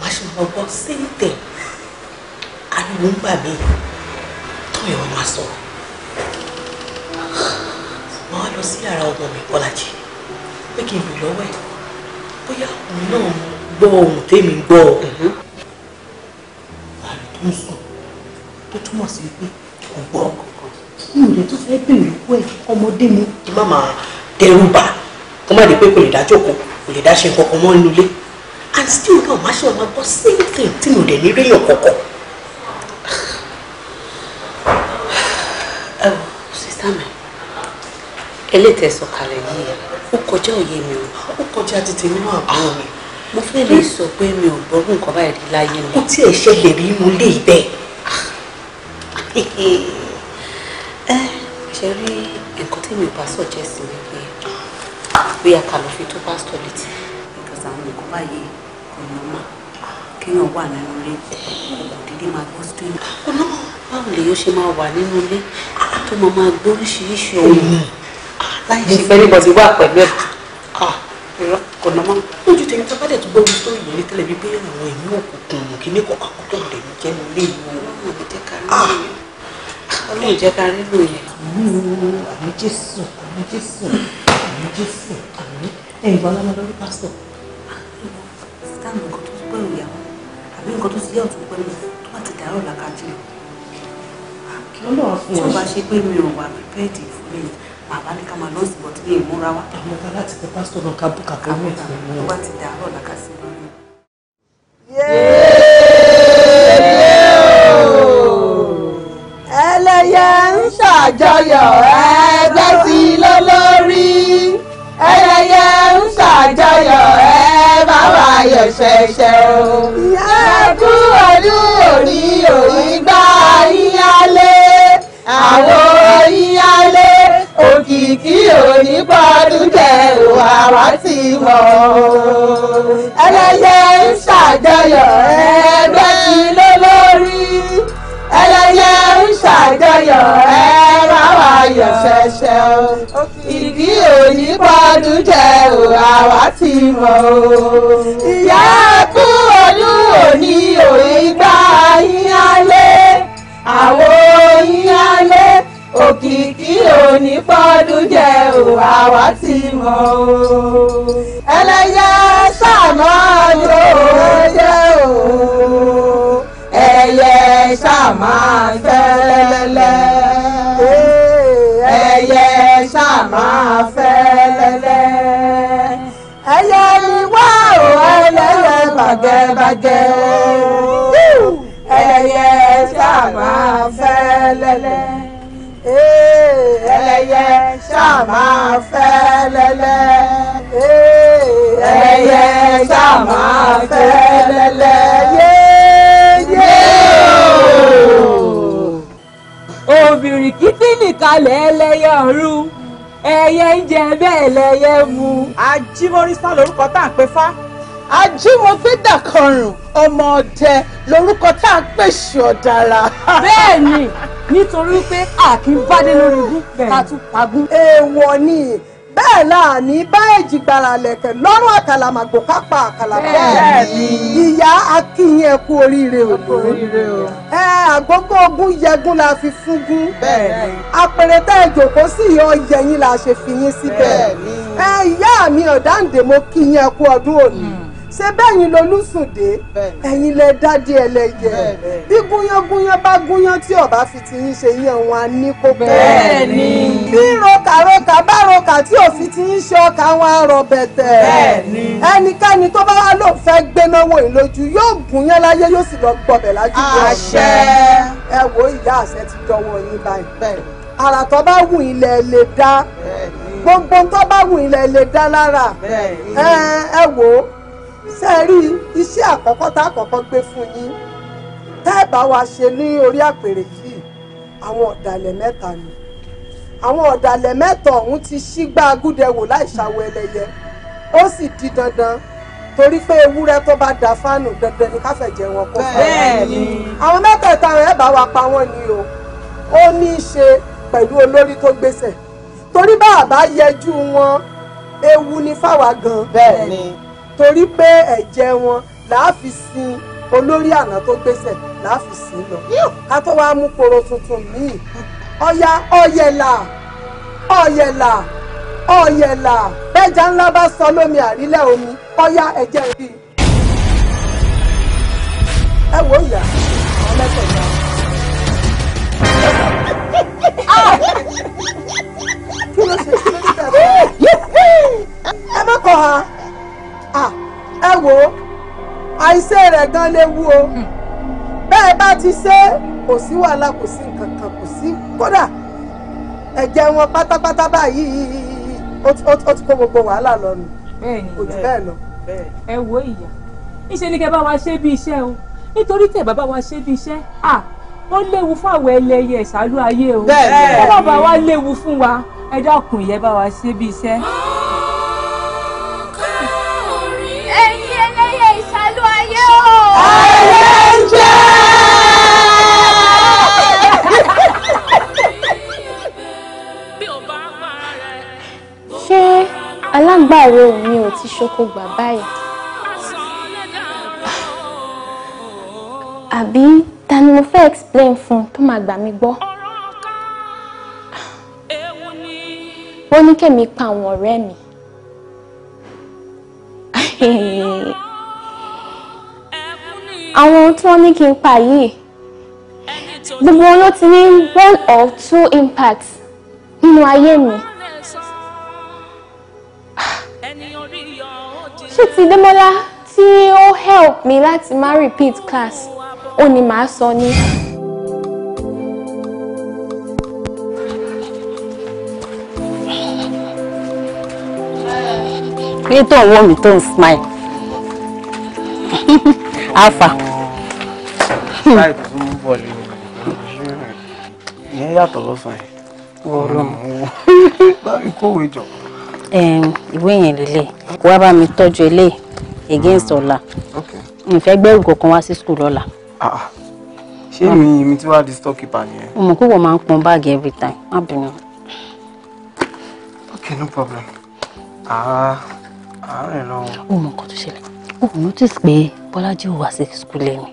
máa ṣe máa gbọ́ séńtẹ̀ ariwo ń gbà mí tó yẹ wọ́n máa sọ̀rọ̀ máa lọ sí yàrá ọmọ mi Bọ́lájí pé kí n bì lọ́wọ́ ẹ̀ bóyá òun náà gbọ́ ohun tèmi gbọ́ ọ̀hún àrùn tó ń sùn tó túmọ̀ sí pé kò gbọ́ ọkọ̀ mi ò lè tún fẹ́ bèrè lọ́wọ́ ẹ̀ ọmọdé mi. kí má máa dẹrù bà kó má di pé kò lè dájọ́ kan kò lè dáṣe nǹkan kan mọ́ nínú ilé and still náà má ṣe ọmọ gbọ́ same thing tí mo dẹ̀ ní réyàn kọ̀ọ̀kan. ẹ wò sísá mi ẹlẹ́tẹ̀ sọ̀kalẹ̀ yìí ó kọjá òye mi o. ó kọjá títí nínú àbúrò mi. Ah, mo fẹ́ lè sọ pé mi ò gbọ́dún nǹkan báyìí láyé mi. ó tiẹ̀ ṣẹlẹ̀ rí inú ilé ìbẹ́ẹ̀. ṣe rí nǹkan tí mi ò bá sọ̀jẹ́ sí mi pé bí a kà lọ fi tó pásítọ̀ létí because àwọn nǹkan báyìí kò nọ́mà kéèyàn wà nínú ilé òdìdí máa gbọ́ sí ìlú. ọ̀nà báwo lèyàn ṣe máa wà nínú ilé tó máa máa gbọ́ oríṣiríṣi ohun láì ṣe pé níbọ̀dì wà pẹ̀lú ẹ̀ kò nọ́mà. lójú tèmi tó bá dẹ̀ tún gbóhùn sórí ìlú tẹ́lẹ̀ bíi pé àwọn ẹ̀mí òkùnkùn kìíní kọ̀ọ̀kan tó lè jẹ́ nílé ìlú. Ọlọ́run jẹ́ ká rí lò yẹn. àmì Jésù àmì Jésù àmì Jésù àmì ẹ̀yìn ìgbà ọlọ́mọ lórí pásítọ̀. sítáàmù nǹkan tó ti pẹ́ lórí àwọn àbí nǹkan tó ti yẹ ọ̀tún pẹ́ lórí tó bá ti dàárọ̀ làkàjì lọ. tí wọ́n bá ṣe pé mi ò wà pípẹ́ẹ̀dì fún mi bàbá ní ká máa lọ́ọ̀sì bọ̀ tí mi ì múra wá. àwọn ọba láti pẹ pásítọ̀ náà ká bùkà pé mi ì tẹ̀lé wọn. tó bá ti dàárọ̀ làkàjì lọ. yéé ẹyẹ ń ṣàjọyọ̀ ẹgbẹ́ ti lólórí ẹlẹ́yẹ ń ṣàjọyọ̀ ẹ má wá yọ̀ ṣẹ̀ṣẹ̀ o. ẹkú ọdún òní òní gbá yíyálé àwọn yíyálé òkìkí òní pọ́dún jẹ́ òwà wá ti mọ̀. ẹlẹ́yẹ ń ṣàjọyọ̀ ẹgbẹ́. ẹ má wá yọ̀ ṣẹ̀ṣẹ̀ o ìdí òní pọ́dún jẹ́ o àwa ti mọ̀ o. ìyá kú olú òní òye gbá yíyálé àwo yíyálé òkìkí òní pọ́dún jẹ́ o àwa ti mọ̀ o. ẹlẹ́yẹ sàmọ́ yóò jẹ́ o ẹyẹ sàmọ́ fẹ́. bàgẹ́bàgẹ́ o ẹyẹ ṣá máa fẹ́ lẹ́lẹ́ eh, ẹyẹ ṣá máa fẹ́ lẹ́lẹ́ eh, ẹyẹ ṣá máa fẹ́ lẹ́lẹ́ yéyé o. obìnrin kìtì nìkalẹ̀ ẹlẹ́yẹ ọ̀run ẹyẹ ń jẹ bẹ́ẹ̀ lẹ́yẹ mu. Ajímọ́rí sá lórúkọ tá à ń pe fá ajímọ̀gbé dàkọrùn ọmọ ọdẹ lórúkọ tá a pèsè ọ̀dàrà. bẹ́ẹ̀ ni nítorí pé a kì í bádé lórí igun ká pagún. èèwọ̀ ni bẹ́ẹ̀ náà ní bá èjìgbara lẹ̀kẹ̀ lọ́rùn àkàlàmàgbò kápá àkàlàmàgbò. bẹ́ẹ̀ ni ìyá akínyìn ẹ kú oríire òní. ẹ àgbógbó ogun yẹgun la fi fúngún. bẹ́ẹ̀ ni apẹrẹ ẹ jòkó sí ìyọ yẹyin la ṣe fi yín síbẹ̀. bẹ́ẹ̀ ẹ ìyá mi ọ̀dáǹdè mo kínyìn ẹ kú ọdún òní ṣé bẹ́yìn lolúsùndé ẹ̀yin lẹ dádì ẹlẹ́yẹ bí gúnyángúnyán bá gúnyán tí ọba fi ti yín ṣe yẹn wọn á ní kó bẹ́ẹ̀ ni bí rokàrokà bá rokà tí ò fi ti yín ṣe ọkà wọn á rọ bẹ̀tẹ̀ ẹnikẹ́ni tó bá wà lóun fẹ́ gbéná wò yín lójú yóò gúnyán láyé yóò sì lọ gbọbẹ̀ lájú bọ́ àṣẹ ẹ wo ìyá àṣẹ ti dọwọ́ yín báyìí àrà tó bá wù yín lè dá gbogbo tó bá wù yín lè dá lára ẹ wò ó ṣe é rí iṣẹ́ àkọ́kọ́ tá àkọ́kọ́ gbé fún yín tá ẹ̀ bá wa ṣe ní orí àpèrè yìí àwọn ọ̀dàlẹ̀ mẹ́ta ni àwọn ọ̀dàlẹ̀ mẹ́ta ọ̀hún ti ṣígbá agúdẹwò láì ṣàwọ ẹlẹ́yẹ ó sì di dandan torí pé ewúrẹ́ tó bá da fánù dandan ni káfẹ̀jẹ̀ wọn kó fún un àwọn mẹ́tẹ̀ẹ̀ta ẹ̀ bá wa pa wọ́n ni o ó ní í ṣe pẹ̀lú olórí tó gbéṣẹ̀ torí bá àbá yẹjú wọn ewu ni fáwa gan. bẹ́ẹ̀ torí pé ẹ̀jẹ̀ wọn làá olórí àná tó gbéṣẹ̀ làá lọ ká tó wá mú koro tuntun míì ọ̀yà ọ̀yẹ̀là ọ̀yẹ̀là ọ̀yẹ̀là bẹ́jà ńlá bá sọ lómi àrílẹ̀ omi ọ̀yà ẹ̀jẹ̀ rí i ẹ wò ó yà àwọn mẹ́tẹ̀ẹ̀ta. kí ló ṣe sí lórí ìtàgé ẹ má kọ̀ ha ẹ wò ó àìsè rẹ̀ gan léwu o hmm. bẹ́ẹ̀ bá ti ṣe kò sí wàhálà kò sí nǹkan kan kò sí kódà ẹ̀jẹ̀ wọn pátápátá báyìí ó ti kó gbogbo wàhálà lọ nù kò jù bẹ́ẹ̀ lọ. ẹ wo ìyá ìṣe ni kẹ́ bá wa ṣe bí iṣẹ́ o nítorí tẹ́ bá bá wa ṣe bí iṣẹ́ à ó léwu fún àwọn ẹlẹ́yẹ ìsálú ayé o bẹ́ẹ̀ bá wa léwu fún wa ẹ dákun ìyẹn bá wa ṣe bí iṣẹ́. ayé ń jẹ́. ṣé alágbàro mi ò ti ṣoko gbà báyìí àbí ta ni mo fẹ́ explain fún tó máa gbà mí gbọ́. wọ́n ní kẹ́mi pa àwọn ọ̀rẹ́ mi. àwọn tí wọ́n ní kí n pa yìí gbogbo wọn ló ti ní one or two impacts nínú ayé mi. ṣé ti Démọ́lá tí ó help mi láti má repeat class ó ní màá sọ ni. kí ló tó ń mi tó ń smile. Alpha. láì hmm. tó ń bọ̀ lé ìyẹn yàtọ̀ lọ́sàn-án yìí wọ́n lọ́mọ wọ́n bá mi kówé jọ. ìwé yẹn lélẹ̀ kó wá bá mi tọ́jú eléyìí against ọ̀la ìfẹ́ gbẹ́rù kankan wá sí skul lọ́la. Ah, ah. ṣé èmi èmi tí wàá di store keeper nìyẹn. ọmọ kúkọ máa ń pọn báàgì every time má bínú. okay no problem àá àá rìn lọ. ọmọ nǹkan tó ṣẹlẹ̀ mo kàn notice pé Bọ́lájí ò wá sí school lẹ́nu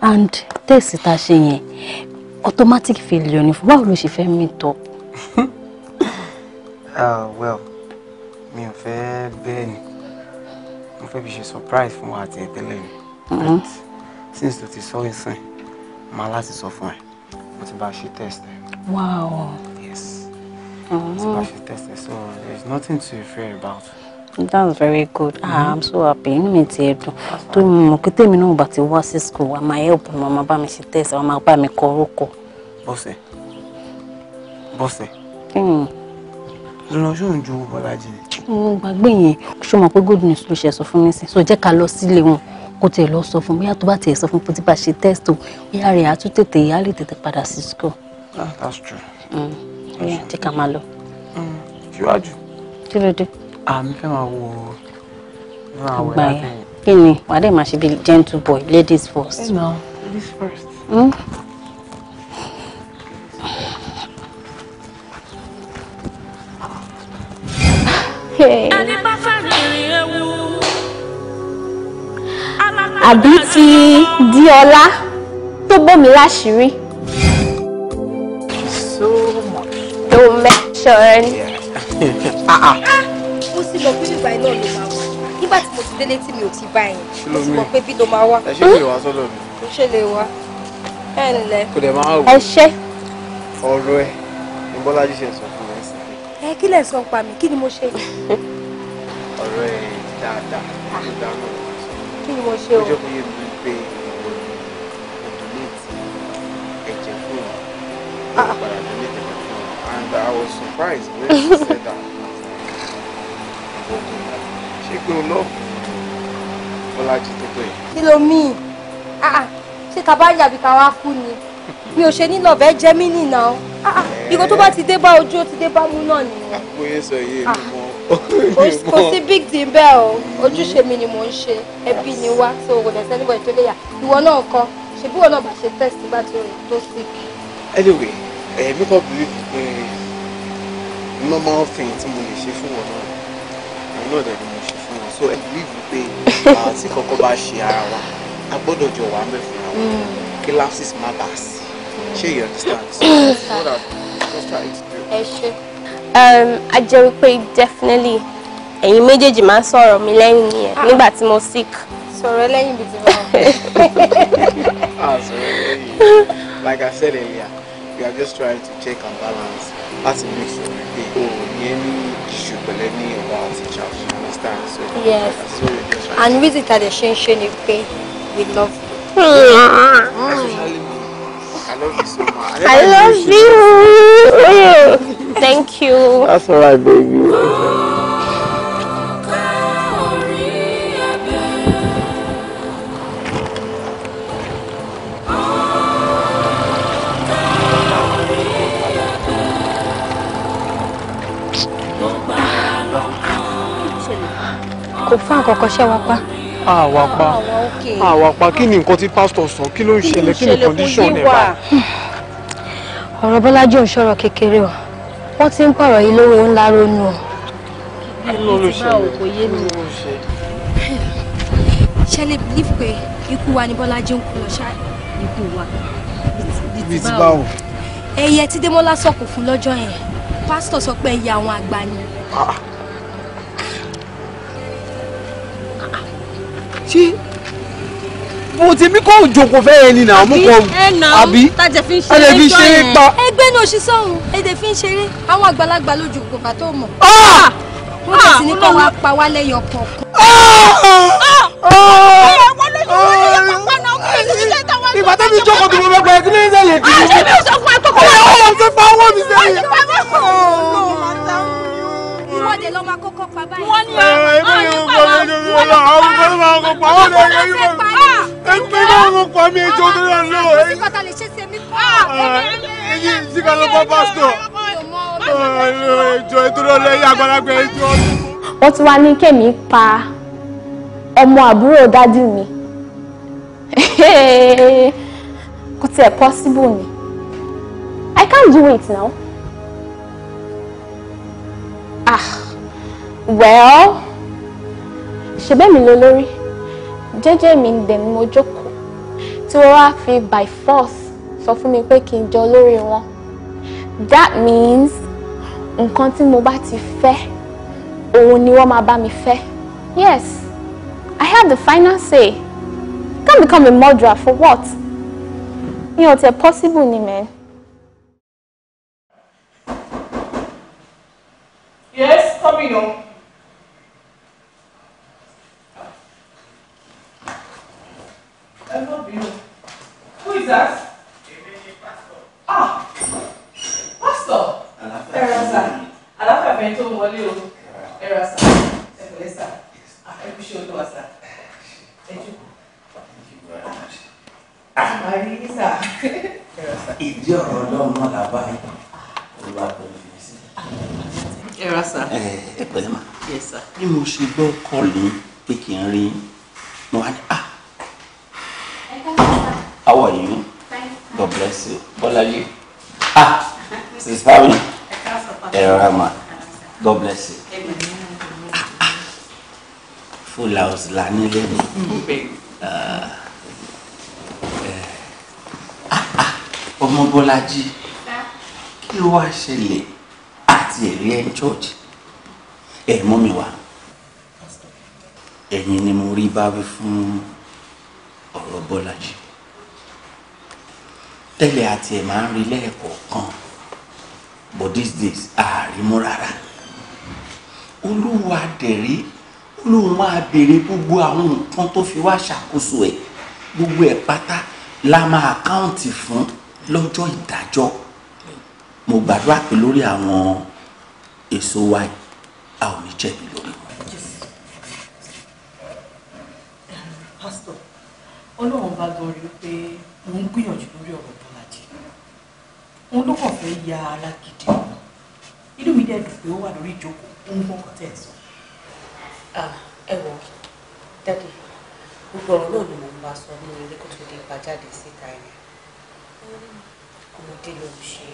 and test tá a ṣe automatic failure ni fún báwo ló ṣe fẹ́ meet up. Ah, well mi ò fẹ́ bẹ́ẹ̀ ni mo fẹ́ fi ṣe surprise fún wa àti ẹ̀tẹ́lẹ̀ ni mm-hmm. since tó ti sọ ìsìn máa láti sọ fún ẹ mo ti bá ṣe test wow. yes mm-hmm. mo ti bá ṣe test so there's nothing to fear about that's very good ah mm-hmm. i'm so happy inú mi ti ẹ̀dùn tó mọ̀ pé tèmi náà bá ti wá sí school àmà help mi ọmọ bá mi ṣe test ọmọ bá mi kọ orúkọ. bọ́sẹ̀ bọ́sẹ̀. lọ́nà ṣó ń ju bọ́lájì ni. mo gbàgbé yẹn ṣó mọ̀ pé good news ló ṣe sọ fún mi sí so jẹ́ ká lọ sílé wọn kó tiẹ̀ lọ sọ fún mi bóyá tó bá tiẹ̀ sọ fún mi pé bá ṣe test o bóyá rẹ̀ á tún tètè yá lè tètè padà sí school. Ah, that's true. bóyá mm. jẹ́ ká máa lọ. Mm. síwájú. kí ló dé àmì fẹ́ máa wọ àgbà yẹn gentle boy ladies first. No, ladies first. Hmm. àbí ti di ọlá tó bòmí láṣìírí. so much. don't mention. ah. ah. ah kú sí lọ bí ìgbà iná ló máa wà nígbà tí mo ti délé tí mi ò ti bá yẹn mo ti mọ̀ pé bí ló máa wà. ẹ ṣe lè wá sọ́dọ̀ mi. mo ṣe lè wá ẹ ǹlẹ́. kò dẹ̀ máa wò. ẹ ṣe. ọ̀rọ̀ ẹ ni bọ́lájí ṣe sọ fún mi. ẹ kí lẹ sọ pa mí kí ni mo ṣe. ọ̀rọ̀ ẹ dáadáa ló dáná. kí ni mo ṣe o. ọjọ́ kò yé mi pé I was surprised when she said that ṣé pé o lọ Bọ́lájí tó pé. kí ló míì ah, ah, ṣé ká bá yàbí ká wá kú ni mi ò ṣe nílò ọ̀bẹ jẹ́ mí nìna ah, o ìgò tó bá ti dé bá ojú ó ti dé bá mú náà ni. mo sọ iye mi mọ. kò sí big deal bẹ́ẹ̀ o ojúṣe mi ni mò ń ṣe ẹbí ni wá so kò dẹ̀ sẹ́ni bọ̀ ètò ìléyà ìwọ náà kọ́ ṣe bí ìwọ náà bá ṣe test nígbà tó rìn tó sick. anyway ẹ̀mí eh, kan believe pé normal thing tí mo lè ṣe fún wọn náà lọ́dọ̀ ni mo ṣe fún wọn so ẹ believe pé àwọn tí kọ́kọ́ bá ṣe ara wa a gbọ́dọ̀ jọ wà mẹ́ fúnra wa kí lapses má bà á sí you understand mm. so what are just um, definitely ẹ̀yin méjèèjì máa ń sọ̀rọ̀ mi lẹ́yìn nìyẹn ah. nígbà tí mo sick. sọ̀rọ̀ lẹ́yìn bíi ti ah like I said earlier we are just trying to check and balance láti a sure of. o ò ní any issue pẹ̀lẹ́ ní ọ̀rọ̀ child understand so yes so and visit at the Shen Shen ṣe we love you. Mm. especially i love you so much. i, I love you. you thank you. that's all right baby. kò fún àkọ́kọ́ ṣẹ́ wa pa. àwàpá àwàpá kí ni nǹkan tí pásítọ̀ sọ kí ló ń ṣẹlẹ̀ kí ni condition ẹ̀ bá. ọ̀rọ̀ bọ́lájú ń ṣọ̀rọ̀ kékeré o wọ́n ti ń pọ̀rọ̀ yìí lórí ńlá ronú o. kí ló ló ṣẹlẹ̀ kí ló ló ṣẹlẹ̀. ṣẹlẹ̀ believe pé ikú wa ni bọ́lájú ń kú lọ ṣáà ikú wa bíi ti báwo. ẹyẹ tí Démọ́lá sọkò fún lọ́jọ́ yẹn pásítọ̀ sọ pé ẹyẹ àwọn àgbà ni. Ah. ṣé mo ti mí kó òjòkó fẹ́ ẹni náà mú kọ àbí tàjẹ́ fi ń ṣeré ẹni fi ń ṣeré pa. ẹgbẹ́ náà ṣí sọ́run èdè fi ń ṣeré àwọn àgbàlagbà lójú kò bá tó mọ̀. wọ́n bẹ̀ sí ní kọ́ wa pa wá lẹ́yìn ọkọ̀. ìgbà tó fi jókòó tó gbogbo ẹ̀ kí ló ń sẹ́yìn kì í. àṣẹ mi ò sọ fún ẹ kókó. ẹ ọ́ lọ sí pa owó mi sẹ́yìn dé lọ́mọ akókó pa báyìí. wọ́n ní ọ̀rọ̀ ẹgbẹ́ yóò kọ́ mi lórí ọ̀la àwọn ọmọ ọmọ ọmọ pa wọ́n lè rí ìwé ẹgbẹ́ náà mo pa mi ètò tó yà lọ. síkọ̀tà lè ṣe sèmi kọ́. èyí síkà ló bá pásítọ̀. ìjọ ètò náà lẹ́yìn àgbàlagbà ìjọ. wọ́n ti wá ní kẹ́mi pa ọmọ àbúrò dádì mi kò tiẹ̀ possible ni I can't do it now. Ah well ṣebẹ́ mi lólórí jẹ́jẹ́ mi dẹ̀ ni mo jókòó tí wọ́n wá fi by force sọ fún mi pé kí n jọ lórí wọn that means nǹkan tí mo bá ti fẹ́ òun ni wọ́n máa bá mi fẹ́ yes I have the final say Come become a murderer for what mi ò possible ni mẹ́rin. Yes, coming on. gbẹ́kànlé pé kì í rí mo wá ní à. Ah, how are you? God bless you. Bọ́lájí. Ah! Sis Fami. Ẹ̀rọ Rama. God bless you. Full house la nílé mi. Ah, ah, ọmọ Bọ́lájí kí ló wá ṣẹlẹ̀ àti ẹ̀rí ẹ̀ ń chọ́ọ̀chì ẹ̀ mú mi wá bá wí fún ọ̀rọ̀ Bọ́lájí tẹ́lẹ̀ àti ẹ̀ máa ń rí lẹ́ẹ̀kọ̀ọ̀kan but these days àárímú rárá olúwa tẹ̀rí olóhùn máa béèrè gbogbo àwọn nǹkan tó fi wá ṣàkóso ẹ̀ gbogbo ẹ̀ pátá la máa káùntì fún lọ́jọ́ ìdájọ́ mo gbàdúrà pé lórí àwọn èso wa a ò ní jẹ̀bi lọ. pásítọ̀ ọlọ́run bá gan rí pé òun gbìyànjú lórí ọ̀rọ̀ Bọ́lájí òun ló kàn fẹ́ ya ara gidi ọ̀nà inú mi dẹ̀ dùn pé ó wà lórí ìjókòó òun kọ́kọ́ tẹ̀ sọ. ẹ wọ dáàdì gbogbo ọ̀rọ̀ náà ni mo ń bá sọ nínú ilé kó tó di ìpàjáde síta ẹ̀ ọmọdé ló ń ṣe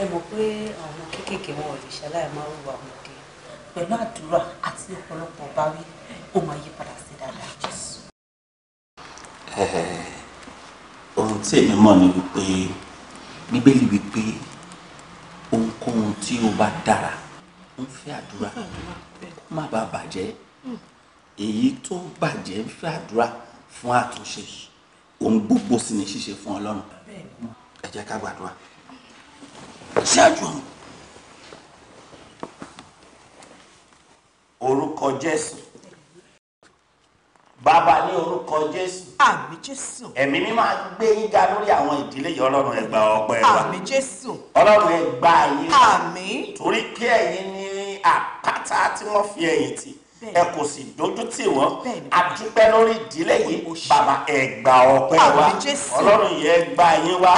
ẹ mọ̀ pé àwọn kéékèèké wọn ò lè ṣaláì máa ń wà ọmọdé pẹ̀lú àdúrà àti ọ̀pọ̀lọpọ̀ báwí ohun tí èmi mọ̀ ni wípé bíbélì wípé ohunkóhun tí ó bá dára ń fẹ́ àdúrà kó má bàa bàjẹ́ èyí tó bàjẹ́ ń fẹ́ àdúrà fún àtúnṣe ohun gbogbo sì ní ṣíṣe fún ọlọ́run ẹ jẹ́ ká gbàdúrà ṣáájú orúkọ jésù bàbá ní orúkọ jésù. àmì jésù. ẹ̀mí mi máa gbé yín ga lórí àwọn ìdílé yìí ọlọ́run ẹ gba ọpẹ́ wa. àmì jésù. ọlọ́run ẹ gba yín. àmì. torí kí ẹ̀yin ní àpáta tí wọ́n fi ẹ̀yìn tì ẹ kò sì dojú tì wọ́n a dúpẹ́ lórí ìdílé yìí bàbá ẹ gba ọpẹ́ wa ọlọ́run yẹ gba yín wa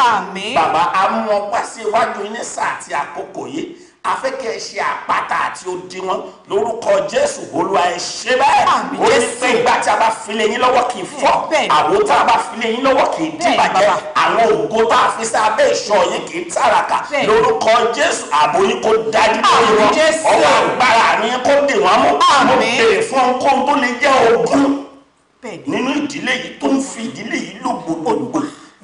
bàbá amú ọpẹ́ sí iwájú yín ní sáà àti àkókò yìí afẹ́kẹ́ ṣe àpáta àti òdiwọ̀n lórúkọ jésù olúwa ẹ ṣe bẹ́ẹ̀ ó ní pé ìgbà tí a bá file yín lọ́wọ́ kì í fọ́ àwo tá a bá file yín lọ́wọ́ kì í dìbàjẹ́ àwọn ògo tá a fi sí abẹ́ ìṣọ́ yín kì í tàràkà lórúkọ jésù ààbò yín kó dájú tó yín wọn ọwọ́ agbára mi kó dè wọ́n mú mo béèrè fún ohun tó lè jẹ́ ogún nínú ìdílé yìí tó ń fi ìdílé yìí lògbòlògbò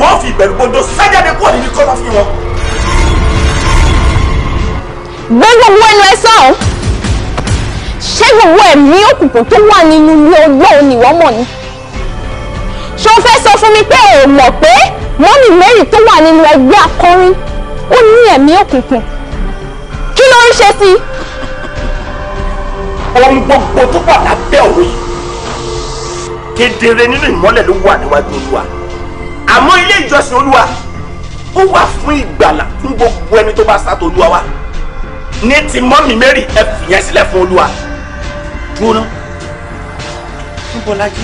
wọ́n fi ìbẹ̀rù gbọ́dọ̀ sájáde kúrò nínú kọ́lá fi wọn. gbogbo ẹnu ẹ sọ̀rọ̀ ṣé gbogbo ẹ̀mí òkùnkùn tó wà nínú ilé ọgbọ́n ni wọ́n mọ̀ ni ṣé o fẹ́ sọ fún mi pé o mọ̀ pé mọ́mì Mary tó wà nínú ẹgbẹ́ akọrin ó ní ẹ̀mí òkùnkùn kí ló ń ṣe sí i. ohun gbogbo tó wà lábẹ́ òwe kedere nínú ìmọ́lẹ̀ ló wà níwájú olúwa àmọ́ ilé ìjọsìn olúwa ó wà fún ìgbàlà fún gbogbo ẹni tó bá sá tó olúwa wá ní ti mọ́mì mary ẹ fìyẹn sílẹ̀ fún olúwa dúró ń bọ̀ lájú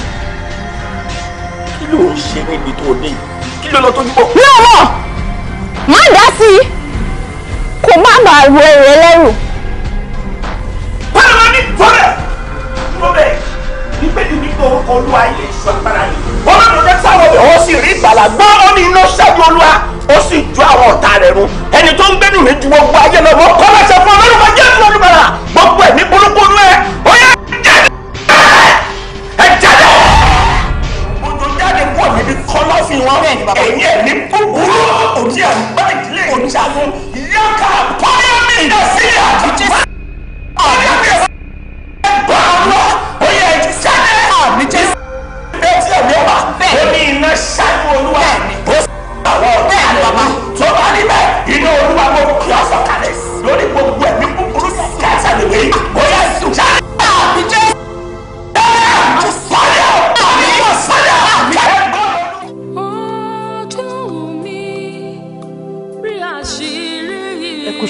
kí ló ń ṣe níbi tó dé yìí kí ló lọ tójú bọ̀. náà mọ̀ má dá sí i kò má bàa wo èrè lẹ́rù. orúkọ olúwa ilé ìṣú agbára rẹ̀. olódò jẹ́ sáwọn ọ̀dọ̀ ó sì rí ìgbàlà gbọ́ ó ní iná ṣẹ́gun olúwa ó sì ju àwọn ọ̀tá rẹ̀ run ẹni tó ń gbẹ́nu mi ju gbogbo ayé lọ mọ́ kọ́ lọ́sẹ̀ fún olórúkọ jésù olùbàrà gbogbo ẹ̀mí burúkú nú ẹ̀ ó yẹ ẹ jáde. odò jáde kú ọ̀nà ibi kọ́ wọn rẹ̀ ẹ̀yìn ẹ̀mí búburú òdì àgbà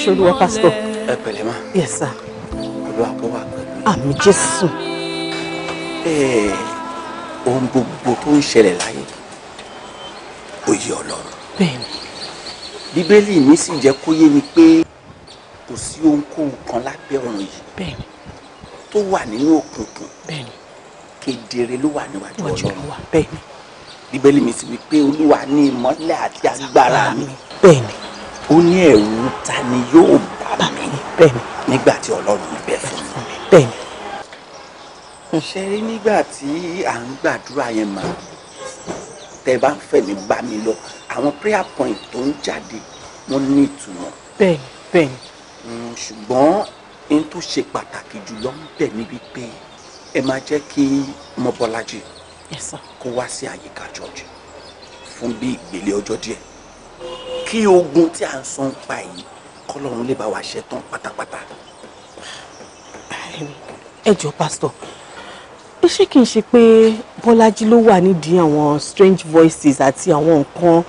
ṣe olúwa pásítọ̀. ẹ yes sir. olúwa kó wà pẹ̀lú. àmì jésù. ẹẹ eh, ohun gbogbo tó ń ṣẹlẹ̀ láyé òye ọlọ́run. bẹ́ẹ̀ni. bíbélì mi sì jẹ́ kó yé mi pé kò sí ohunkóhun kan lábẹ́ ọ̀run yìí. bẹ́ẹ̀ni. tó wà nínú òkùnkùn. bẹ́ẹ̀ni. kedere ló wà níwájú ọlọ́run. bẹ́ẹ̀ni. bíbélì mi sì wí pé olúwa ni ìmọ́lẹ̀ àti agbára mi. bẹ́ẹ̀ni ó ní ẹ̀rù ta ni yóò bá mi nígbà tí ọlọ́run ń bẹ fún mi. bẹ́ẹ̀ni. ṣe rí nígbà tí à ń gbàdúrà yẹn mà tẹ bá ń fẹ̀mí bá mi lọ àwọn prayer point tó ń jáde wọ́n ní ìtumọ̀. bẹ́ẹ̀ni bẹ́ẹ̀ni. Hmm, ṣùgbọ́n n tó ṣe pàtàkì jùlọ ń bẹ níbi pé ẹ máa jẹ́ kí Mọ́bọ́lájí kó wá sí àyíká church fún bí ìgbélé ọjọ́ díẹ̀ kí ogun tí à ń sọ ń pa yìí kọ́lọ́run lè bá wa ṣe tán pátápátá. ẹ jọ pásítọ̀ ṣé kìí ṣe pé bọ́lájí ló wà nídìí àwọn strange voices àti àwọn nǹkan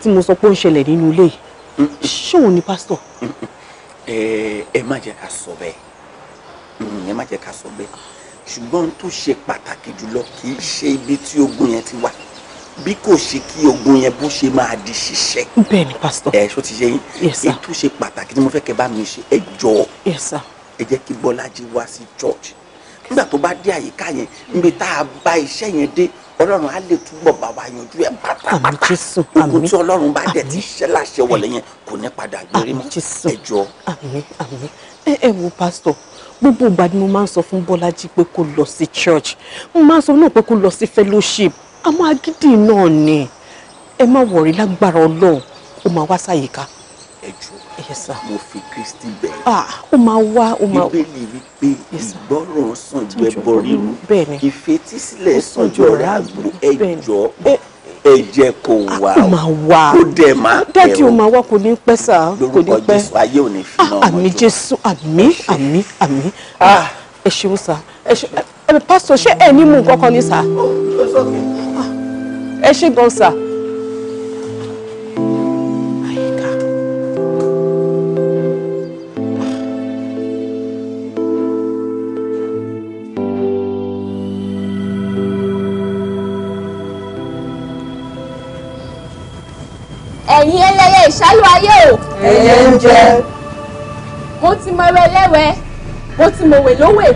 tí mo sọ pé ó ń ṣẹlẹ̀ nínú ilé ṣé òun ni pásítọ̀. ẹ má jẹ́ ká sọ bẹ́ẹ̀ mm, ẹ má jẹ́ ká sọ bẹ́ẹ̀ ṣùgbọ́n tó ṣe pàtàkì jùlọ kì í ṣe ibi tí ogun yẹn ti wà bí kò ṣe kí ogun yẹn bó ṣe máa di ṣiṣẹ́. bẹ́ẹ̀ ni pásítọ̀. ẹ ṣó ti ṣe yín. ètò ṣe pàtàkì tí mo fẹ́ kẹ́ bá mi ṣe ẹ jọ. ẹ jẹ́ kí Bọ́lájí wá sí church. nígbà tó bá dé àyíká yẹn níbi tá a bá iṣẹ́ yẹn dé ọlọ́run á lè túbọ̀ bá wa yanjú ẹ̀ pátápátá. okùn tí ọlọ́run bá dẹ̀ ti ṣẹ́ láṣẹ wọlé yẹn kò ní padà gbérí mọ́ ẹ jọ. àmín àmín ẹ ẹ wo pásítọ̀ gbogbo ìgbà ni mo máa ń sọ fún Bọ́lájí pé kó lọ sí church mo máa ń sọ náà pé kó lọ sí fellowship àmọ́ agídì náà ni ẹ má wọ̀rí lágbára ọlọ́run ó máa wá sáyìíká. ẹ jù mo fi kristi bẹ̀. Ah, ó máa wá ó máa wá. bíbélì wípé ìgbọ́ràn sàn ju ẹbọ rírú ìfetísílẹ̀ sàn ju ọ̀rá àgbò ẹ jọ̀ọ́ kò ah, wá o kò dẹ̀ máa pẹ́ o dájú o máa wá kò ní pẹ́ sà kò ní pẹ́ lórúkọ jésù ayé ò ní fi ah, náà mọ́jọ́ àmín jésù àmín àmín àmín ẹ ṣeun sà ẹ ṣe pásítọ̀ ṣé ẹ ní mú nǹkan kan ní sà. Oh, ẹ ṣé gan sà. ẹ̀yin ẹlẹ́yẹ ìṣálú ayé o. ẹyẹ ń jẹ. mo ti mọ ẹwẹ lẹ́wẹ̀ẹ́ mo ti mọ̀wé lówè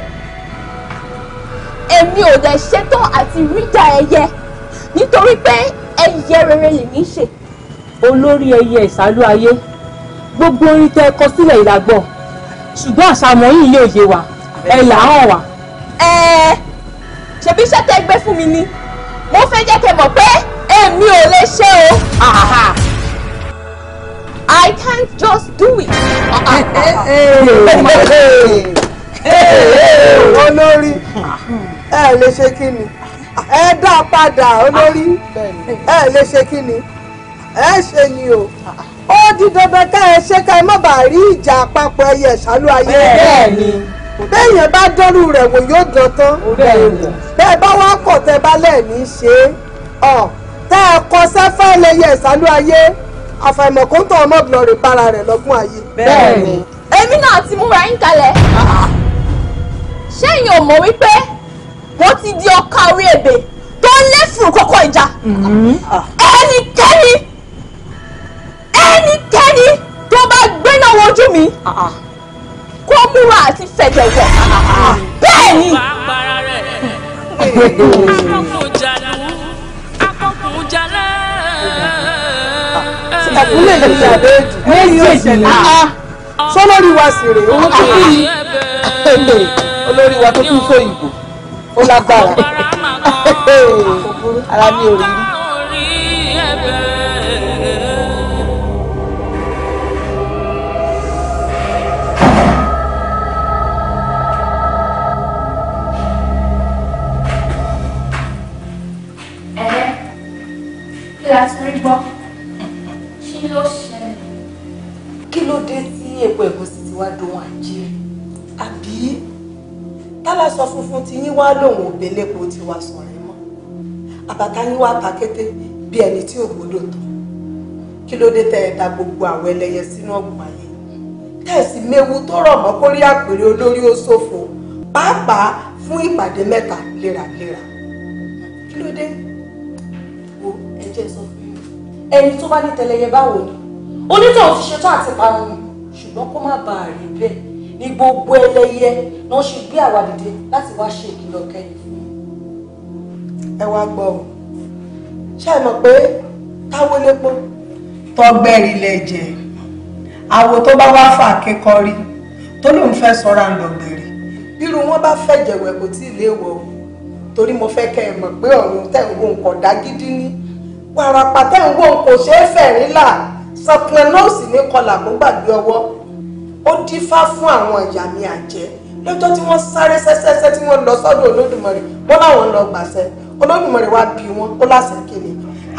èmi ò dẹ̀ ṣetán àti ríjà ẹyẹ nítorí pé ẹyẹ rere lèmi ṣe olórí ẹyẹ ìsálú ayé gbogbo orin tẹ kọ sílẹ̀ ìlàgbọ̀ ṣùgbọ́n àṣàmọ́ yìí lè yé wa ẹ là hàn wá. ẹ ṣebí iṣẹ́ tẹ́ gbé fún mi ni mo fẹ́ jẹ́ kẹ́ mọ̀ pé èmi ò lè ṣe o. I can't just do it. olórí ẹ lè ṣe kí ni ẹ dá padà olórí ah, ẹ lè ṣe kí ni ẹ ṣe ni o ó di dandan ká ẹ ṣe ká ẹ má bàa rí ìjà àpapọ̀ ẹyẹ ṣálú ayé bẹ́ẹ̀ ni béèyàn bá dọ́rù rẹ̀ wò yóò dán tán bẹ́ẹ̀ bá wá kọ̀ tẹ́ bá lẹ́ẹ̀ní ṣe ọ̀ tẹ́ ẹ kọ sẹ́fẹ́ ẹlẹ́yẹ ìsálú ayé àfàìmọ̀ kó ń tọ́ ọmọbìnrin rẹ̀ bára rẹ̀ lọ́gbọ́n ayé. bẹ́ẹ̀ ni. èmi náà ti múra yín kalẹ̀ ah, ah. ṣé èèyàn mọ̀ wípé ó ti di ọkà orí ebè tó ń lé fún kókó ìjà ẹnikẹ́ni ẹnikẹ́ni tó bá gbéná wojú mi kó múra àti fẹ̀jẹ̀wọ̀ bẹ́ẹ̀ ni. ẹ̀kúnlẹ̀ ìjàdé lẹ́yìn òṣèlú sọ́lọ́rí wa sì rè owó tó kú yìí olórí wa tó kú fóyìnbó ó lágbára ara mi ò rí rí. gbọ́. kí ló ṣẹlẹ̀. kí ló dé tí epo ẹ̀gúsí ti wá dùn wáyé tálásọ funfun ti yín wá lòun òbélépo ti wá sọ̀rọ̀ mọ́ àbàtà yín wá ta kété bí ẹni tí ò gbọ́dọ̀ tán kí ló dé tẹ́ ẹ da gbogbo àwọn ẹlẹ́yẹ sínú ọ̀gbun ayé tẹ̀sí méwu tó rọ̀ mọ́ kórí àpèrè olórí ó ṣòfò pàápàá fún ìpàdé mẹ́ta léraléra kí ló dé wo ẹjẹ́ sọ fún mi ẹni tó bá ní tẹlẹyẹ báwo ni onítọ̀ ti ṣetán àti parun ṣùgbọ́n kó má bàa rí bẹ́ẹ̀ ní gbogbo ẹlẹ́yẹ náà ṣe gbé àwa dìde láti wá ṣe ìkìlọ̀ kẹ́yìn fún mi. ẹ wá gbọ́ ọ ṣe é mọ̀ pé táwọn lépo tọgbẹ́rì lẹ́jẹ̀ àwo tó bá wá fà kékọ́rí tó lóun fẹ́ sọ́ra ń dọ̀gbẹ̀rì. bírú wọn bá fẹ́ jẹ̀wẹ̀ kò tí ì léèwọ̀ o torí mo fẹ́ kẹ́ ẹ mọ̀ pé ọ̀run tẹ̀ ń wo nǹkan dágídí ní wàràpá tẹ̀ ń wo nǹkan ṣe é fẹ̀rí là sọpin náà ní kọlà kó ọwọ́ ó dífá fún àwọn ìyá mi àjẹ́ lọ́jọ́ tí wọ́n sáré sẹ́sẹ́sẹ́ tí wọ́n lọ sọ́dọ̀ olódùmarè wọ́n láwọn lọ gbàṣẹ olódùmarè wá bí wọn ó láṣẹ kéde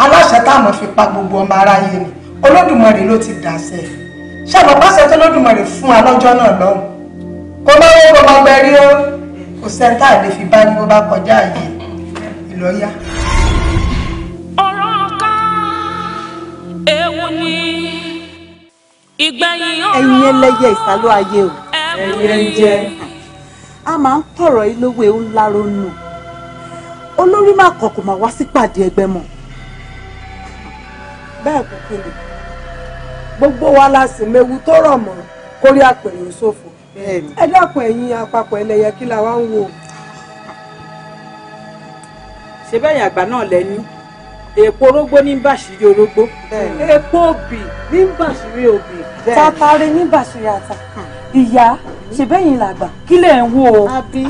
aláṣẹ táwọn fi pa gbogbo ọmọ aráyé ni olódùmarè ló ti dàṣẹ ṣàbọ̀pàṣẹ tó lódùmarè fún wa lọ́jọ́ náà lọ́hùn kó má wọ́n kó máa gbẹrí ó kò sẹ́ńtà lè fi bá ní bó bá kọjá yìí ìlọ́yà. ọ̀rọ̀ ká ewu ni. ìgbẹ̀yìn ọ̀rọ̀ ẹ̀yin ìsálú ayé o ẹ̀yin a máa ń tọrọ ilówó ewu ńlá ronú olórí má kọ máa wá sípàdé ẹgbẹ́ mọ. gbogbo wa la sì mewu tó rọ mọ kórí àpèrè ṣòfò ẹ dákun àpapọ̀ kí la wá ń wò. bẹ́ẹ̀ èpo orógbó ní bàṣírí orógbó èpo òbí ní bàṣírí òbí. tatare ní bàṣírí ata ìyá ṣèbẹ́yìn làgbà kí lẹ̀ ń wò ó. àbí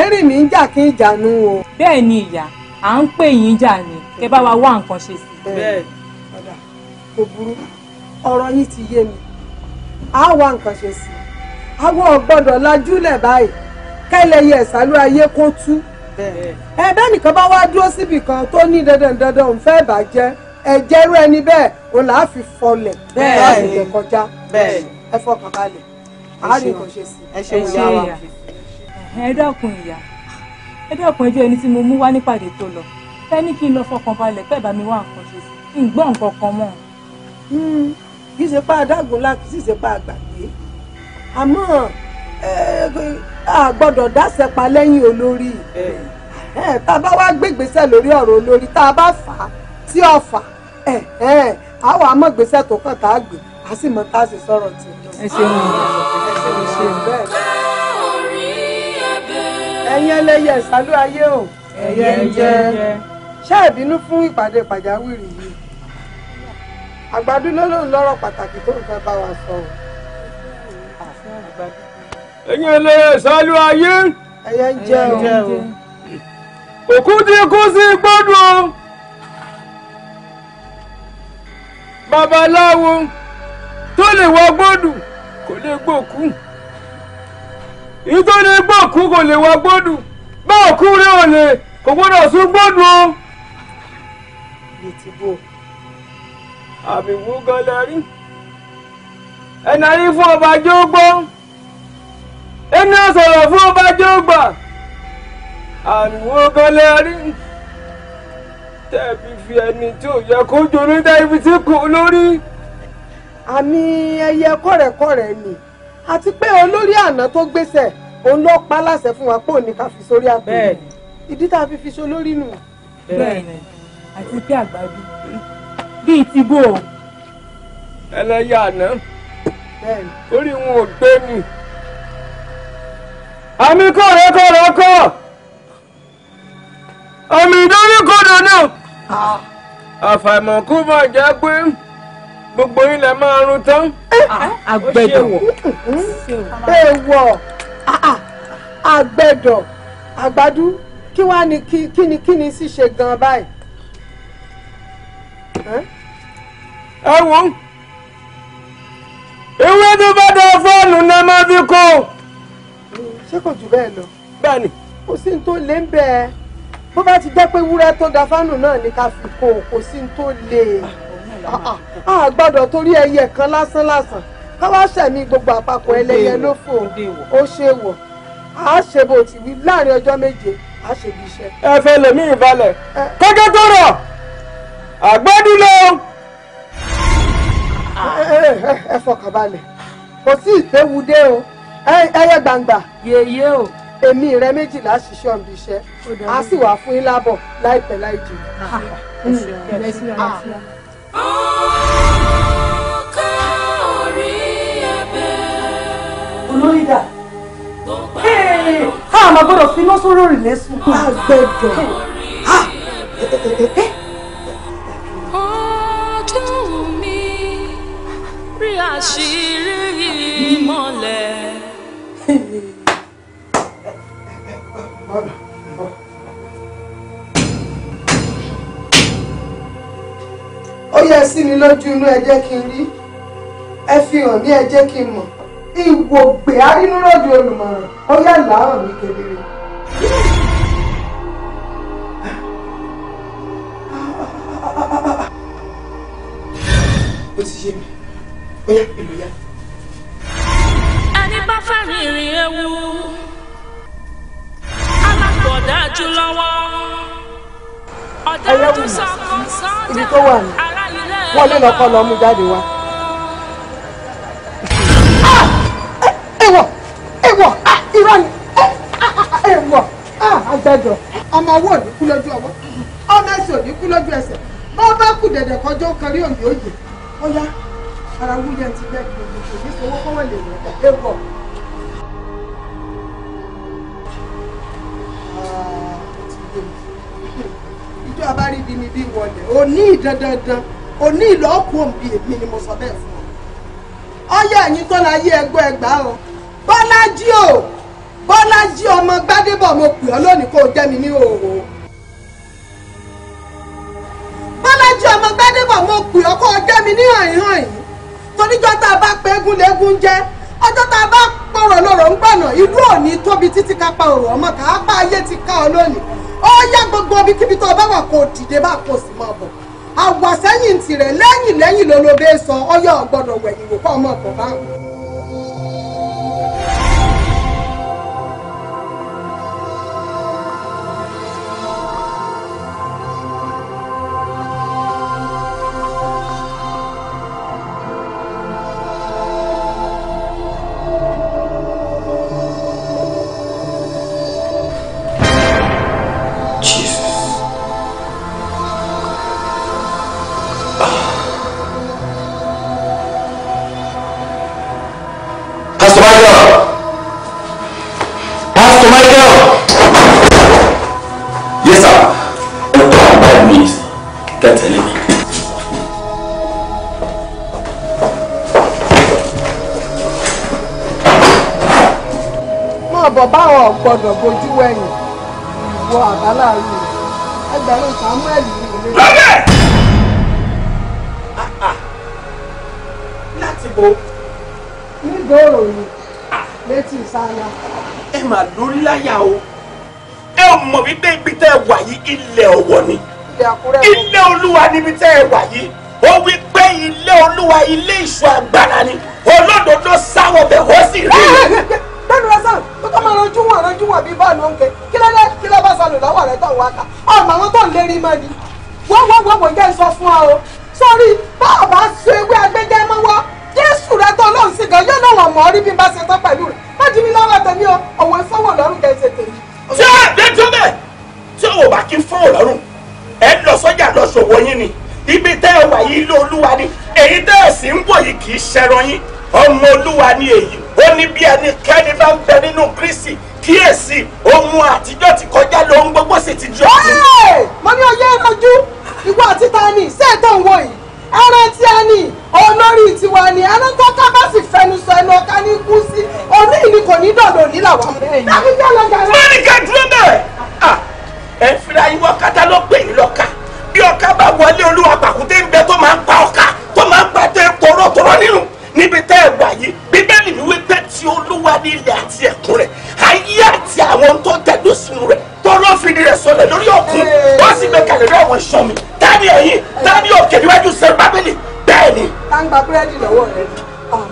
ẹ̀rìn mi ń jà kí n jànú o. bẹ́ẹ̀ ni ìyá à ń pè yín jà ni kẹ bá wa wá nǹkan ṣe sí. bẹ́ẹ̀ ọ̀dà kò burú ọ̀rọ̀ yín ti yé mi á wá nǹkan ṣe sí i àwọn ò gbọ́dọ̀ lajúlẹ̀ báyìí kẹ́lẹ́yẹ ìsálú ayé kó tú ẹ bẹ́ẹ̀ nìkan bá wá dúró síbì kan tó ní dandan dandan òun fẹ́ bàjẹ́ ẹ̀jẹ̀ irú ẹni bẹ́ẹ̀ òun là á fi fọlẹ̀ láti jẹ kọjá ẹ fọkàn balẹ̀ àárín kan ṣe sí ẹ ṣe ìyá wa. ẹ dákun ìyá ẹ dákun ẹjọ́ ẹni tí mo mú wá nípàdé tó lọ fẹ́ ní kí n lọ fọkàn balẹ̀ pẹ́ẹ́ bá mi wá nǹkan ṣe sí ǹgbọ́n nǹkan kan mọ́ hmm, kì í ṣe pa adágún láti ṣe pa àgbàgbé àmọ́ Eh, a gbọ́dọ̀ dáṣẹ́pa lẹ́yìn olórí eh. eh, tá a bá wá gbégbèsè lórí ọ̀rọ̀ olórí tá a bá fà á tí ọ̀fà a wà á mọ̀ gbèsè tó kàn tá a gbé a sì mọ̀ tá a sì sọ̀rọ̀ tì. ẹ ṣeun ẹ ṣeun ayé o ẹ̀yẹ ń jẹ́ ṣé ìbínú fún ìpàdé pàjáwìrì yìí àgbàdo lọ́rọ̀ pàtàkì tó ń fẹ́ bá wa sọ o. àfihàn enyela salu ayi oku di kusi gbodu babalawo to le wa gbodu ko le gboku ito le gboku ko le wa gbodu ba oku re o le ko gbodo su gbodu o ami wu gọlẹri ẹnari fún ọba jógbón. iná sọ̀rọ̀ fún ọba jọ́gbà àrùn kọlẹ̀ rí tẹ̀bi fi ẹni tí ò yẹ kó jorí dá ibi tí kò lórí. àmì ẹyẹ kọ̀rẹ̀kọ̀rẹ̀ ni àti pé olórí àná tó gbéṣẹ̀ òun ló pa láṣẹ fún wa pé ní ká fi sórí àpò ìdí tá a fi fi so lórí nù. bẹ́ẹ̀ni àti pé àgbàdo bíi ti bò. ẹlẹ́yà àná orí wọn ò gbé mi àmì kọ̀rẹ́ kọ̀rọ̀ kọ̀ àmì ìdáríkodò náà. àfàìmọ̀ kó máa já pé gbogbo ilẹ̀ máa run tán. àgbẹ̀dọ̀ èèwọ̀ àgbẹ̀dọ̀ àgbàdú kí wàá ní kí ni kí ni sì ṣe gan báyìí. ẹ wo ewé tó bá dá fóònù náà máa fi kó o ṣé kò jù bẹ́ẹ̀ lọ. bẹ́ẹ̀ni. kò sí ní tó lé ń bẹ ẹ bó bá ti jẹ́ pé wúrẹ́ tó da fánù náà ni ká fi kó kò sí ní tó lé e. a gbọ́dọ̀ torí ẹyẹ kan lásán lásán ká wá ṣẹ̀mí gbogbo àpapọ̀ ẹlẹ́yẹ ló fò ó ṣe wọ̀ a ṣe bó ti wí láàrin ọjọ́ méje a ṣe bí iṣẹ́. ẹ fẹ́ lèmi ìbalẹ̀ kókó tó rọ̀ àgbẹ́dúlé. ẹ fọkàn balẹ̀ kò sí ìpéwu dé o ẹyẹ gbangba. yèyé o. èmi rẹ méjìlá ṣiṣẹ́ ọ̀bì iṣẹ́ a sì wà fún yín lábọ̀ láìpẹ́ láì jìnnà. Mm. Ah. olórí dà ká ah, àmọ́ gbọ́dọ̀ fi iná sóró rìn lẹ́sùn. àgbẹ̀dọ̀ ah. ojú mi rí àṣírí ìmọ́lẹ̀ ó yẹ sí mi lójú inú ẹ jẹ́ kí n rí ẹ fi hàn mí ẹ jẹ́ kí n mọ̀ ìwògbè arínúròdì olùmọ̀ràn ó yà láàrọ̀ mi kedere. ó ti yé mi ó yá ìlú yá fẹ́ràn ewu alágbọ̀dá jù lọ́wọ́ ọ̀dọ́ tó sọ kan sọ́ọ́dà ara ilé ẹ̀ wọ́n lé lọ́kọ́ lọ mú jáde wá. Ah! ewọ eh, eh, eh, ewọ irọ́ ni ewọ àgbẹjọ ah, ọmọ ọwọ́ òní kú lójú ọwọ́ ọmọ ẹsẹ̀ òní kú lójú ẹsẹ̀ bá bá kù dẹ̀dẹ̀ kọjọ́ kárí òní òye ó yá ara wúyẹ ti bẹ́ẹ̀ kò ní sọ owó kọ́wọ́ lè wọ̀ ewọ. ìjọba rí ibi ni bí wọlé o ní ìdandandan o ní ìlọ ọkù òǹbí ni mo sọ bẹ́ẹ̀ fún ọ. ọyọ ẹ̀yin tó la yé ẹgbọ ẹgbàá o o ọmọ gbádébọ̀ mo pè lónìí kó o jẹ́ mi ní òwò. ọmọ mo o mi ní tá a bá jẹ́ ọ̀rọ̀ lọ̀rọ̀ ń gbọ̀nà ìlú òní tóbi títí ká pa ọ̀rọ̀ ọmọ ká pa ayé ti ká ọ lónìí ó yá gbogbo ibi kíbi tó bá wà kó dìde bá kó sì máa bọ̀ àwàsẹ́yìn tirẹ̀ lẹ́yìn lẹ́yìn sọ ọyọ́ wẹ̀yìn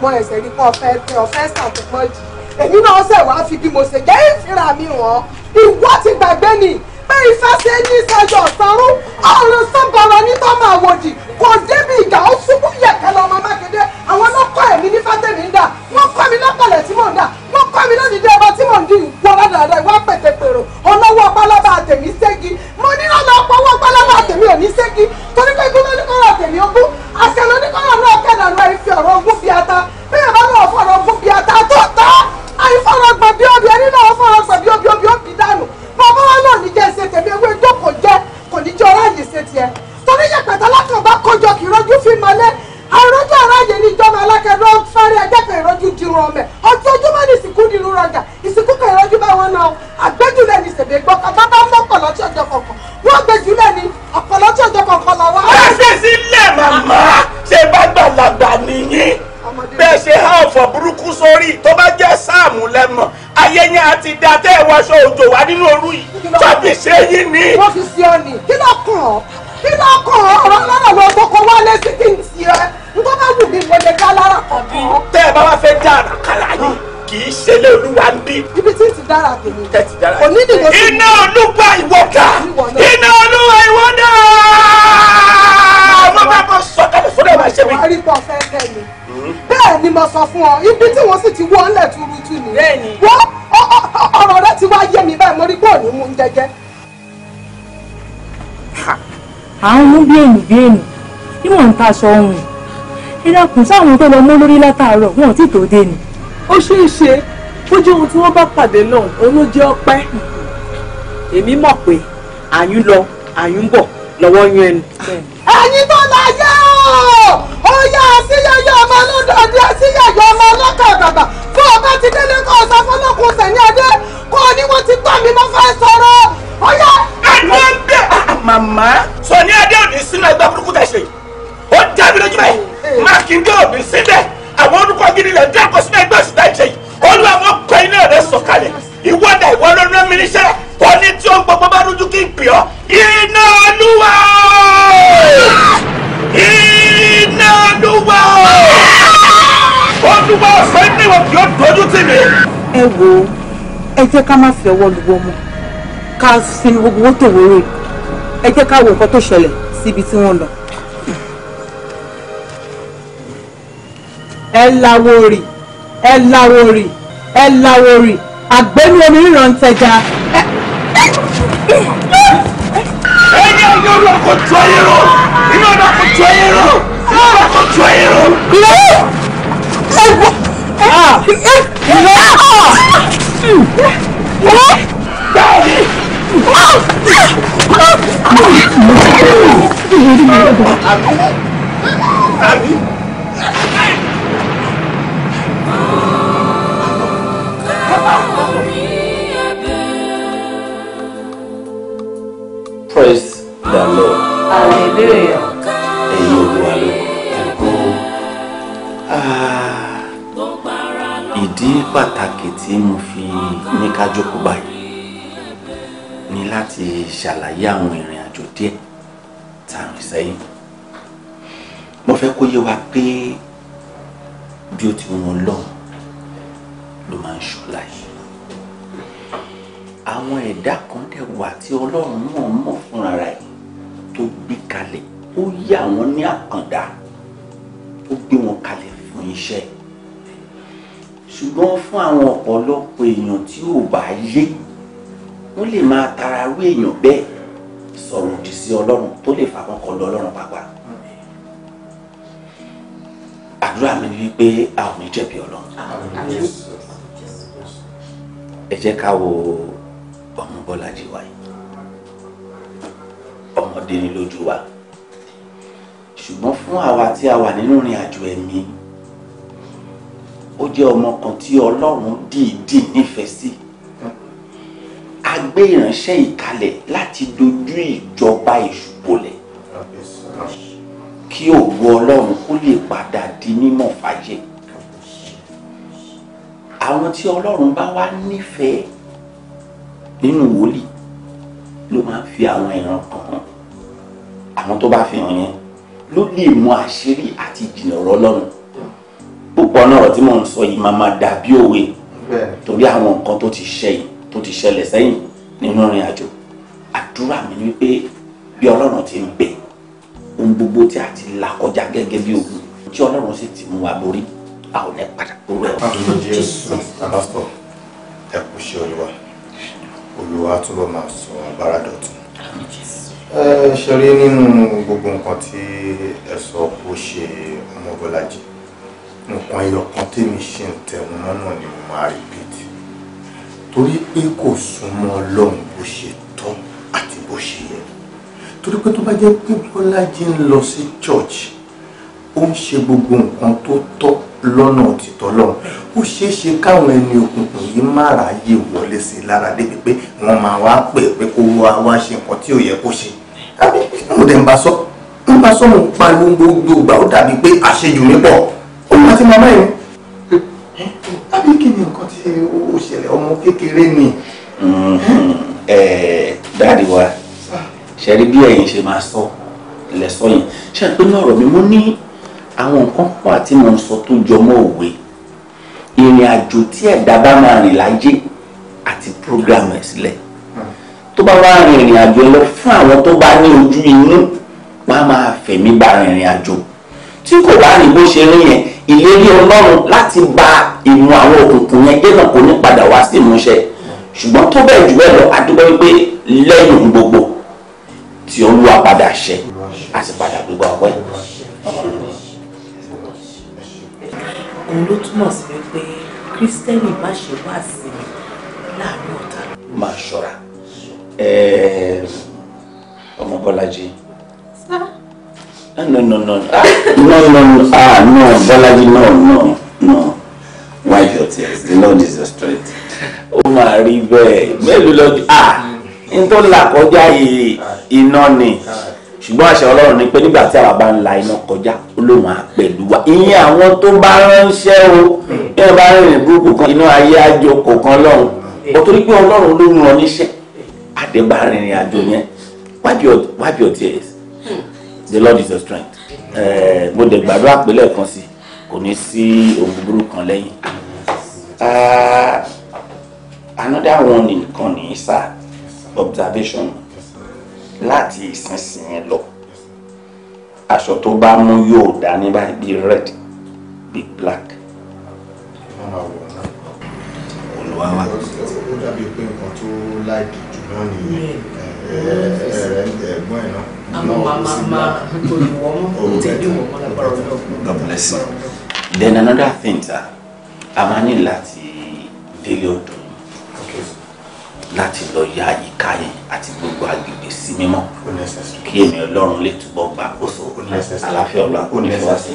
ọmọ ẹ̀sẹ̀ rí pọ̀ fẹ́ pé ọ̀fẹ́ sàn jù èmi náà ṣẹ̀ wá fi bí mo ṣe jẹ́ ìfira mi hàn ìwọ ti gbàgbé ni pé ìfẹ́ ṣe ní ìṣẹ́jọ ọ̀sánrún ọ̀run sábàrà ní àwòdì kò débi ìgbà ó ṣubú yẹ̀kẹ́ lọ́mọ mákindé àwọn ọlọ́kọ̀ ẹ̀mí ní fátẹ́mi a ti da tẹ́ ẹ wọṣọ òjò wá nínú òru yìí tọ́bi ṣe yìí ni. wọ́n fi ṣe ọ nì kí ló kàn ọ́ kí ló kàn ọ́ ọ̀rọ̀ lọ́rọ̀ lọ gbọ́kọ̀ wálé sí kí n ti ẹ nígbà bá wù mí mo lè dá lára kan mọ́. tẹ́ ẹ bá wá fẹ́ dá àràkàlà yìí kì í ṣe lé olúwa ń bí. ibi tí ti dára tèmi. tẹ́ ti dára tèmi. onídìbò iná olúwa ìwọ dà iná olúwa ìwọ dà. mo bá kọ́ sọ̀kalẹ̀ fúnra ẹ̀ ṣe mí. wàá rí pọ̀ fẹ́ fẹ́ mi. bẹ́ẹ̀ ni mo sọ fún ọ ibi tí wọ́n sì ti wọ́n lẹ̀ túrútú ni. bẹ́ẹ̀ ni. à ń mú bí ènì bí ènì níwọ̀n ń taṣọ ohun ẹ dákun sáwọn tó lọ mú lórí látàárọ̀ wọn ò tí tó dé ni. ó ṣeé ṣe kó jẹ́ ohun tí wọ́n bá pàdé náà ló jẹ́ ọpẹ́ èmi mọ̀ pé àyún lọ àyún bọ̀ lọ́wọ́ yún ẹnu. ẹ wo ẹ jẹ́ ká má fi ọwọ́ lùwọ́ mọ́ ká sinmi gbogbo owó tòwérè ẹ jẹ́ ká wo nǹkan tó ṣẹlẹ̀ síbi tí wọ́n lọ. ẹ láwo rì ẹ láwo rì ẹ láwo rì àgbẹ̀nu omi ríran ń tẹja. ẹni ọjọ́ náà kò tó ẹyẹ rọ iná kò tó ẹyẹ rọ iná kò tó ẹyẹ rọ. Ah! Praise the Lord. Hallelujah. ìdí pàtàkì tí mo fi ní ká báyìí ni láti ṣàlàyé àwọn ìrìn àjò díẹ̀ tá a rìn sẹ́yìn mo fẹ́ kó yé wa pé bí ó ti wọn lọ́hùn ló máa ń ṣọlá yìí àwọn ẹ̀dá kan dẹ̀ wà tí ọlọ́run náà mọ̀ fúnra rẹ̀ tó gbé kalẹ̀ ó yà wọ́n ní àkàndá ó gbé wọn kalẹ̀ fún iṣẹ́ yìí ṣùgbọ́n fún àwọn ọ̀pọ̀lọpọ̀ èèyàn tí ò bá yé wọ́n lè máa tara rú èèyàn bẹ́ẹ̀ sọ̀rọ̀ òdì sí ọlọ́run tó lè fa kankan lọ ọlọ́run pàápàá àdúrà mi ni wípé a ò ní jẹ̀bi ọlọ́run ẹ jẹ́ ká wo ọmọ Bọ́lájí wa yìí ọmọdé ni lójú wa ṣùgbọ́n fún àwa tí a wà nínú ìrìn àjò ẹ̀mí ó jẹ́ ọmọ kan tí ọlọ́run dìídì nífẹ̀ẹ́ sí a gbé ìránṣẹ́ ìkalẹ̀ láti dojú ìjọba èṣù bolẹ̀ kí ògo ọlọ́run kó lè padà di mímọ̀ fàyè àwọn tí ọlọ́run bá wá nífẹ̀ẹ́ nínú wòlíì ló máa ń fi àwọn ìran kan hàn àwọn tó bá fi hàn yẹn ló lè mọ àṣírí àti ìjìnlẹ̀ ọ̀rọ̀ ọlọ́run púpọ̀ náà tí mò ń sọ yìí máa máa dàbí òwe torí àwọn nǹkan tó ti ṣẹyìn tó ti ṣẹlẹ̀ sẹ́yìn nínú ìrìn àjò àdúrà mi ni wípé bí ọlọ́run ti ń bẹ ohun gbogbo tí a ti là kọjá gẹ́gẹ́ bí ogun tí ọlọ́run sì ti mú wa borí a ò ní padà kúrò ẹ̀. pásítọ̀ jésù pásítọ̀ ẹ kú sí olúwa olúwa túbọ̀ máa sọ agbára dọ̀tun. ẹ ṣe nínú gbogbo nǹkan tí ẹ sọ kó ṣe ọmọ nǹkan ẹyọkan tèmi ṣe ń tẹ̀wọ̀n mọ́nà ni mo máa rìpíìtì torí pé kò súnmọ́ ọlọ́run bó ṣe tọ́ àti bó ṣe yẹ torí pé tó bá jẹ́ pé Bọ́lájí ń lọ sí church ó ń ṣe gbogbo nǹkan tó tọ́ lọ́nà òtítọ́ lọ́run ó ṣeé ṣe káwọn ẹni òkùnkùn yìí má ráyè wọlé sí i lára débi pé wọ́n máa wá pè pé kó wá wá ṣe nǹkan tí ò yẹ kó ṣe àbí mo dẹ̀ ń bá sọ ń bá sọ mo pariwo gbogbo ìgbà ó dàbí pé àṣejù mi pọ̀ òun àti màmá ẹ̀ àbí kí ni nǹkan tí ó ṣẹlẹ̀ ọmọ kékeré ni. dáàdi wa ṣe rí bí ẹ̀yin ṣe máa sọ lẹ́sọ̀ yẹn ṣe àpé ní ọ̀rọ̀ mi mo ní àwọn nǹkan pọ̀ àti mò ń sọ tó jọmọ́ òwe ìrìn àjò tí ẹ̀dá bá máa rìn láyé àti program ẹ̀ sílẹ̀ tó bá wá rin ìrìn àjò lọ fún àwọn tó bá ní ojú inú wọn á máa fẹ̀mí ba rìnrìn àjò tí kò bá rìn bó ṣe rí yẹn ìlérí ọlọ́run láti gba ìmú àwọn òkùnkùn yẹn dé náà kò ní padà wá sí ìmúṣẹ ṣùgbọ́n tó bẹ́ẹ̀ jù bẹ́ẹ̀ lọ adúgbò wípé lẹ́yìn gbogbo tí olúwa padà ṣe a sì padà gbígbà ọpẹ́. òun ló túmọ̀ sí wípé kírísítẹ́nì má ṣe wá sí láàrin ọ̀tá. máa ṣọ́ra ọmọ bọ́lájí. sáà. Ah, no, no, no. Ah. no, no, no. Ah, no, Balaji, no, no, no. Wipe your tears. The Lord is your strength. Ó my rí bẹ́ẹ̀. Mélòó lọ ah n tó là kọjá iná ni ṣùgbọ́n àṣà Ọlọ́run ni pé nígbà tí àwa bá ń la iná kọjá Olóhun á pẹ̀lú wa ìyẹn àwọn tó bá ránṣẹ́ o bí wọ́n bá rìnrìn gúrúpù kan iná ayé àjò kọ̀ọ̀kan lọ́hùn ó torí pé Ọlọ́run ló rán níṣẹ́ àdébá rìnrìn àjò yẹn wájú ọ̀tí ẹ̀ sí the lord is your strength eh, mo dẹ̀ gbàdúrà pé lẹ́ẹ̀kan sí kò ní sí ohun búburú kan lẹ́yìn eh, another one nìkan ní sá observation Lati ìsinsìnyí lọ aṣọ tó bá mú yóò dá ní báyìí bí red bí black. olùwà wa. ó dàbí pé nǹkan tó láìkì jù náà nìyẹn ẹ̀ẹ́dẹ̀gbọ́n eh, ẹ̀ náà. God bless you. Then another thing, sir, a máa ní láti délé ọ̀dọ̀ láti lọ ya àyíká yẹn àti gbogbo agbègbè sí mímọ́ kí èmi Ọlọ́run lè túbọ̀ gbà kóso àlàáfíà ọlá kò ní fọwọ́ sí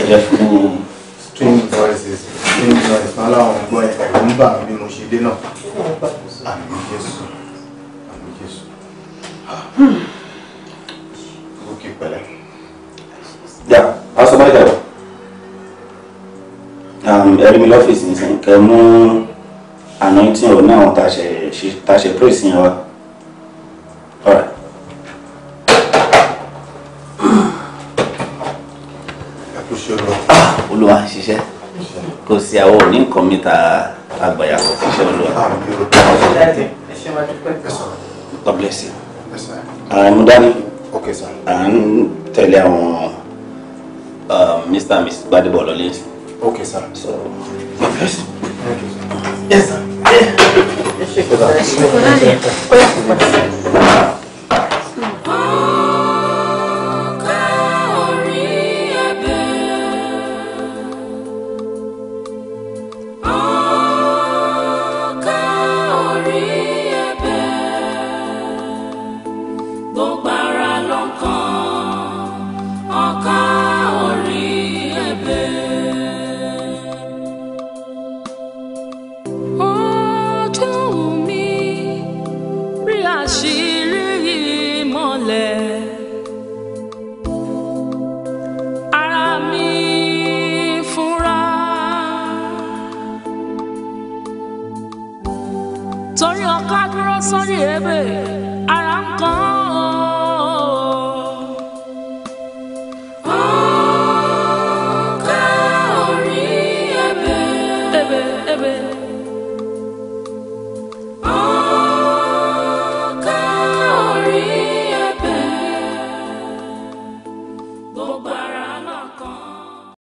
ẹjẹ fún un. strange voices strange voices máa láwọn gbọ́ ẹ̀rù ń bà mí mo ṣe dé náà àmì Jésù. pẹ̀lẹ́ ya pásítọ̀ báyìí lọ ẹ̀rí mi lọ́fíìsì nìsín kẹ́ mú anointing òun náà tá a ṣe praise yẹn wa. All right. olúwa ń ṣiṣẹ́ kò sí àwọn òní nǹkan mi ta àgbàyà kò ṣiṣẹ́ olúwa. God bless you. Ààrẹ mo dání okay sir. à ń tẹ̀lé àwọn mr and mrs gbadebo lọ lẹ́yìn. okay sir. so my first. yes sir. ẹ ṣe kò sáré.